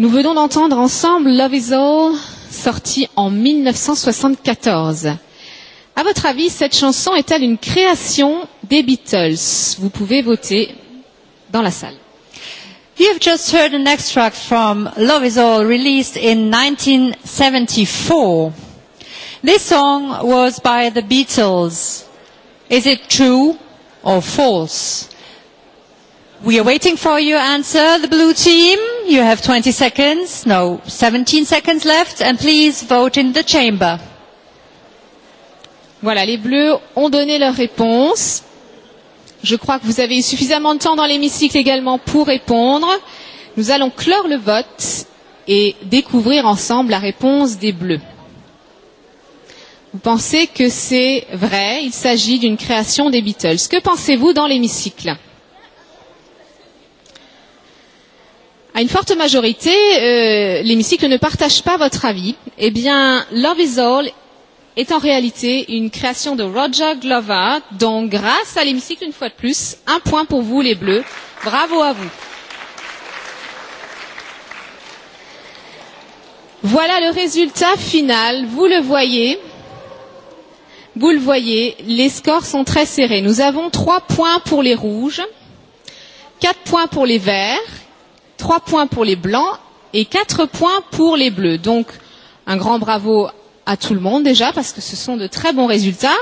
Nous venons d'entendre ensemble Love is All, sorti en 1974. À votre avis, cette chanson est-elle une création des Beatles Vous pouvez voter dans la salle. You've just heard an extract from Love is All released in 1974. This song was by the Beatles. Is it true or false? We are waiting for your answer, the blue team. You have 20 seconds, no, 17 seconds left, and please vote in the chamber. Voilà, les bleus ont donné leur réponse. Je crois que vous avez eu suffisamment de temps dans l'hémicycle également pour répondre. Nous allons clore le vote et découvrir ensemble la réponse des bleus. Vous pensez que c'est vrai, il s'agit d'une création des Beatles. Que pensez-vous dans l'hémicycle? à une forte majorité, euh, l'hémicycle ne partage pas votre avis, eh bien, Love is All est en réalité une création de Roger Glover, donc grâce à l'hémicycle une fois de plus, un point pour vous les Bleus. Bravo à vous. Voilà le résultat final, vous le voyez. Vous le voyez, les scores sont très serrés. Nous avons trois points pour les rouges, quatre points pour les verts, 3 points pour les blancs et 4 points pour les bleus. Donc un grand bravo à tout le monde déjà parce que ce sont de très bons résultats.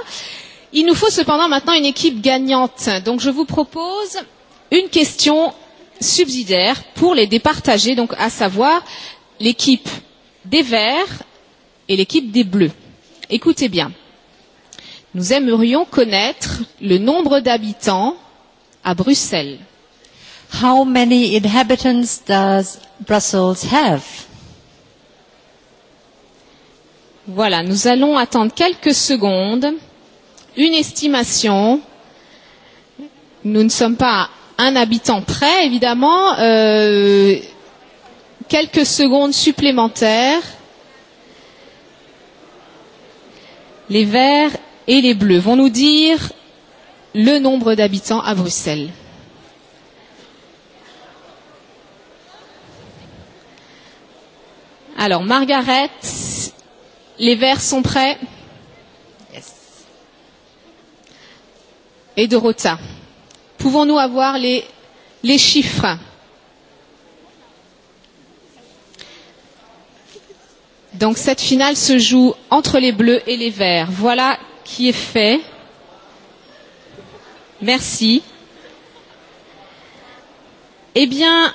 Il nous faut cependant maintenant une équipe gagnante. Donc je vous propose une question subsidiaire pour les départager, donc à savoir l'équipe des verts et l'équipe des bleus. Écoutez bien. Nous aimerions connaître le nombre d'habitants à Bruxelles. How many inhabitants does Brussels have? Voilà, nous allons attendre quelques secondes. Une estimation. Nous ne sommes pas un habitant près, évidemment. Euh, quelques secondes supplémentaires. Les verts et les bleus vont nous dire le nombre d'habitants à Bruxelles. Alors, Margaret, les verts sont prêts Yes. Et Dorota. Pouvons-nous avoir les, les chiffres Donc cette finale se joue entre les bleus et les verts. Voilà qui est fait. Merci. Eh bien,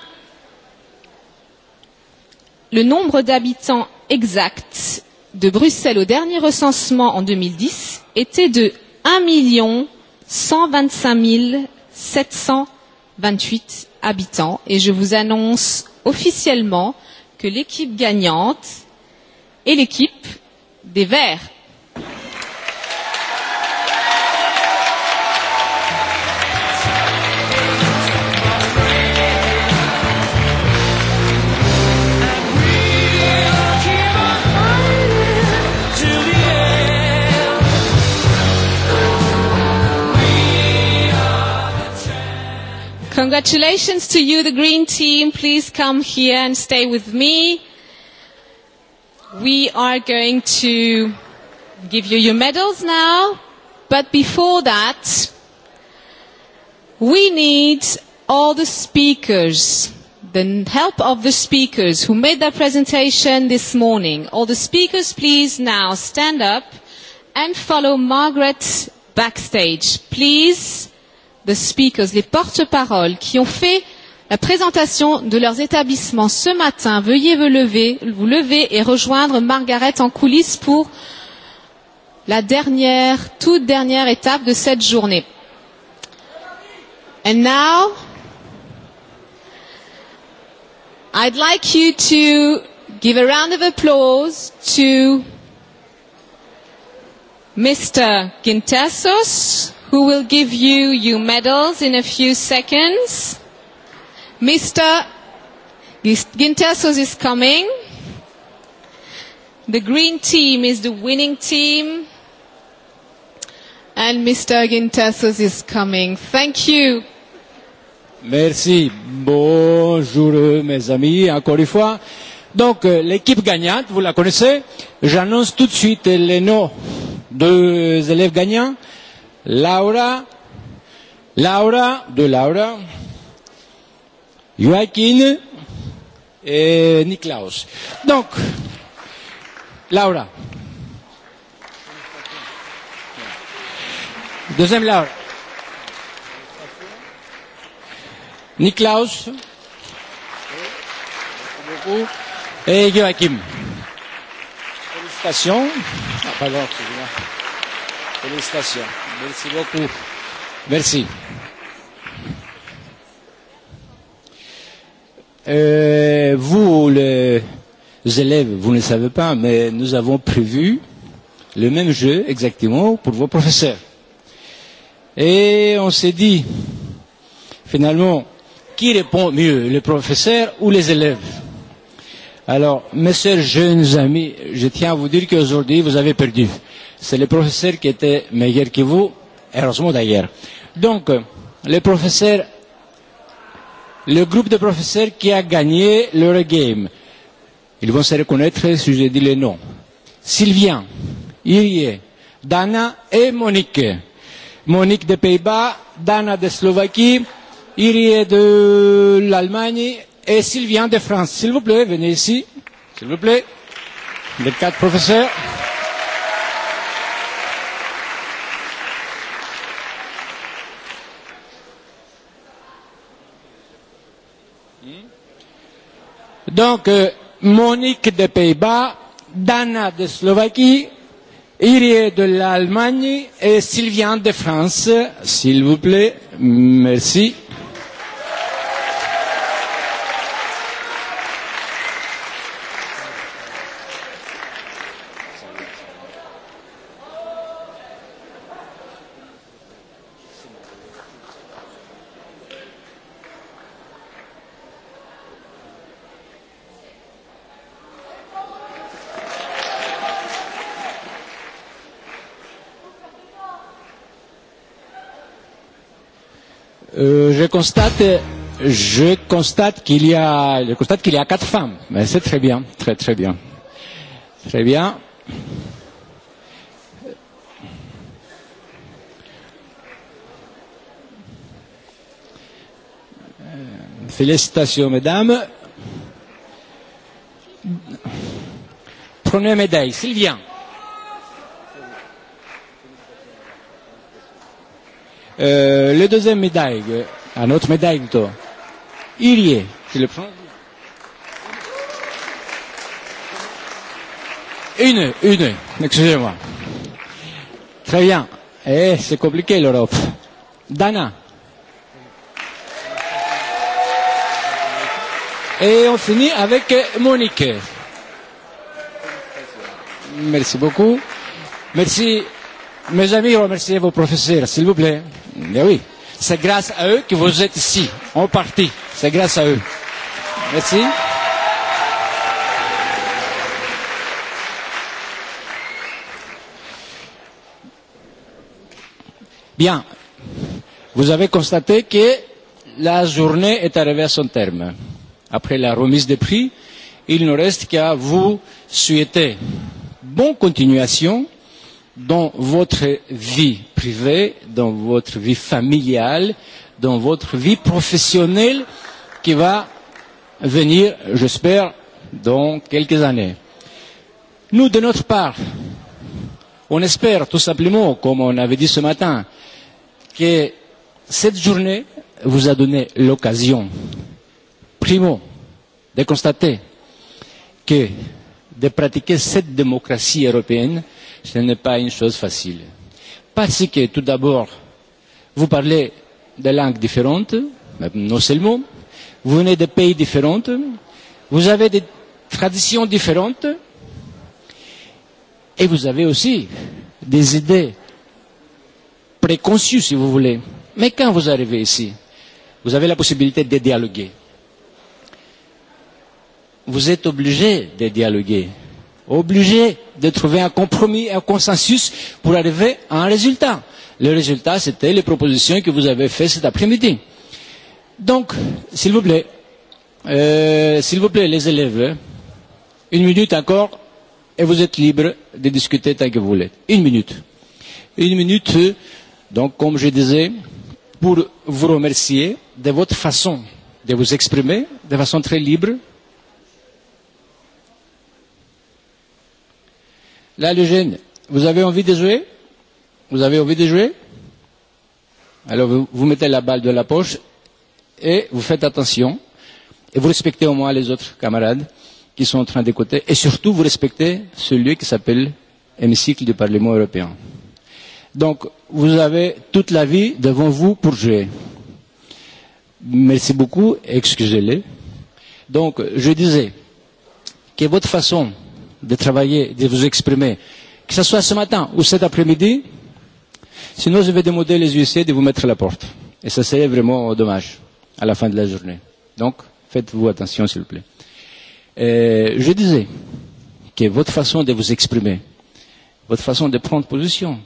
le nombre d'habitants exact de Bruxelles au dernier recensement en 2010 était de 1 125 728 habitants et je vous annonce officiellement que l'équipe gagnante est l'équipe des Verts. Congratulations to you, the green team. Please come here and stay with me. We are going to give you your medals now. But before that, we need all the speakers, the help of the speakers who made their presentation this morning. All the speakers, please now stand up and follow Margaret backstage. Please the speakers, les porte-paroles qui ont fait la présentation de leurs établissements ce matin. Veuillez vous lever, vous lever et rejoindre Margaret en coulisses pour la dernière, toute dernière étape de cette journée. And now, I'd like you to give a round of applause to Mr. Gintasos who will give you your medals in a few seconds. Mr. Gintasos is coming. The green team is the winning team. And Mr. Gintasos is coming. Thank you. Merci. Bonjour mes amis, encore une fois. Donc l'équipe gagnante, vous la connaissez. J'annonce tout de suite les noms des élèves gagnants Laura, Laura de Laura, Joaquin et Niklaus. Donc, Laura. Deuxième Laura. Niklaus et Joachim. Félicitations. Ah, pardon, Félicitations. Merci beaucoup. Merci. Euh, vous, les élèves, vous ne savez pas, mais nous avons prévu le même jeu exactement pour vos professeurs. Et on s'est dit, finalement, qui répond mieux, les professeurs ou les élèves Alors, mes chers jeunes amis, je tiens à vous dire qu'aujourd'hui, vous avez perdu c'est le professeur qui était meilleur que vous, heureusement d'ailleurs. Donc, le professeur, le groupe de professeurs qui a gagné leur game, ils vont se reconnaître si je dis les noms. Sylvien, Irie, Dana et Monique. Monique des Pays-Bas, Dana de Slovaquie, Irie de l'Allemagne et Sylvien de France. S'il vous plaît, venez ici. S'il vous plaît. Les quatre professeurs. Donc, Monique des Pays-Bas, Dana de Slovaquie, Irie de l'Allemagne et Sylviane de France. S'il vous plaît, merci. Je constate, je constate qu'il y a, je constate qu'il y a quatre femmes. Mais c'est très bien, très très bien, très bien. Félicitations, mesdames. Première médaille, Sylvien. Euh, le deuxième médaille, à notre médaille Il y est, tu le prends Une, une, excusez-moi. Très bien. Eh, c'est compliqué l'Europe. Dana. Et on finit avec Monique. Merci beaucoup. Merci, mes amis, remerciez vos professeurs, s'il vous plaît. Eh oui. C'est grâce à eux que vous êtes ici, en partie. C'est grâce à eux. Merci. Bien. Vous avez constaté que la journée est arrivée à son terme. Après la remise des prix, il ne reste qu'à vous souhaiter bonne continuation dans votre vie privée, dans votre vie familiale, dans votre vie professionnelle qui va venir, j'espère, dans quelques années. Nous, de notre part, on espère tout simplement, comme on avait dit ce matin, que cette journée vous a donné l'occasion, primo, de constater que de pratiquer cette démocratie européenne ce n'est pas une chose facile. Parce que tout d'abord, vous parlez des langues différentes, non seulement, vous venez de pays différents, vous avez des traditions différentes, et vous avez aussi des idées préconçues, si vous voulez. Mais quand vous arrivez ici, vous avez la possibilité de dialoguer. Vous êtes obligé de dialoguer obligé de trouver un compromis, un consensus pour arriver à un résultat. Le résultat, c'était les propositions que vous avez faites cet après-midi. Donc, s'il vous plaît, euh, s'il vous plaît, les élèves, une minute encore, et vous êtes libre de discuter tant que vous voulez. Une minute. Une minute, donc, comme je disais, pour vous remercier de votre façon de vous exprimer de façon très libre, Là, le jeune, vous avez envie de jouer Vous avez envie de jouer Alors, vous, vous mettez la balle de la poche et vous faites attention. Et vous respectez au moins les autres camarades qui sont en train d'écouter. Et surtout, vous respectez celui qui s'appelle hémicycle du Parlement européen. Donc, vous avez toute la vie devant vous pour jouer. Merci beaucoup, excusez-les. Donc, je disais que votre façon de travailler, de vous exprimer, que ce soit ce matin ou cet après-midi. Sinon, je vais demander les huissiers de vous mettre à la porte. Et ça serait vraiment dommage à la fin de la journée. Donc, faites-vous attention, s'il vous plaît. Et je disais que votre façon de vous exprimer, votre façon de prendre position,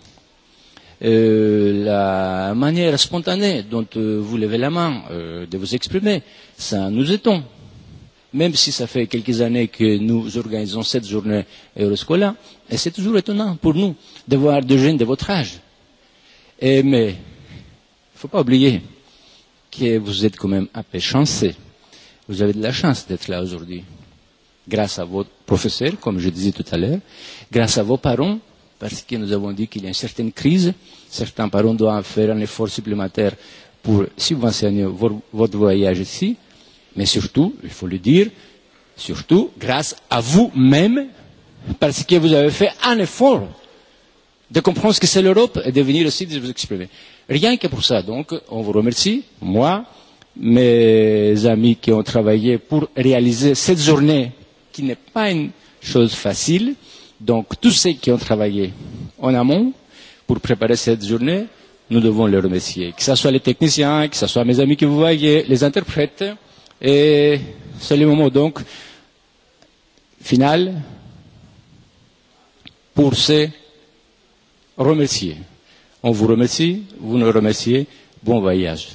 euh, la manière spontanée dont euh, vous levez la main, euh, de vous exprimer, ça nous étonne même si ça fait quelques années que nous organisons cette journée Euroscola, et c'est toujours étonnant pour nous de voir des jeunes de votre âge. Et, mais il ne faut pas oublier que vous êtes quand même un peu chanceux. Vous avez de la chance d'être là aujourd'hui, grâce à vos professeurs, comme je disais tout à l'heure, grâce à vos parents, parce que nous avons dit qu'il y a une certaine crise. Certains parents doivent faire un effort supplémentaire pour subventionner votre voyage ici mais surtout, il faut le dire, surtout grâce à vous-même, parce que vous avez fait un effort de comprendre ce que c'est l'Europe et de venir aussi de vous exprimer. Rien que pour ça, donc, on vous remercie, moi, mes amis qui ont travaillé pour réaliser cette journée, qui n'est pas une chose facile, donc tous ceux qui ont travaillé en amont pour préparer cette journée, nous devons les remercier, que ce soit les techniciens, que ce soit mes amis que vous voyez, les interprètes, Et c'est le moment donc final pour se remercier. On vous remercie, vous nous remerciez. Bon voyage.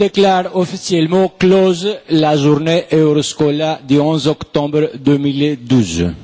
déclare officiellement close la journée Euroscola du 11 octobre 2012.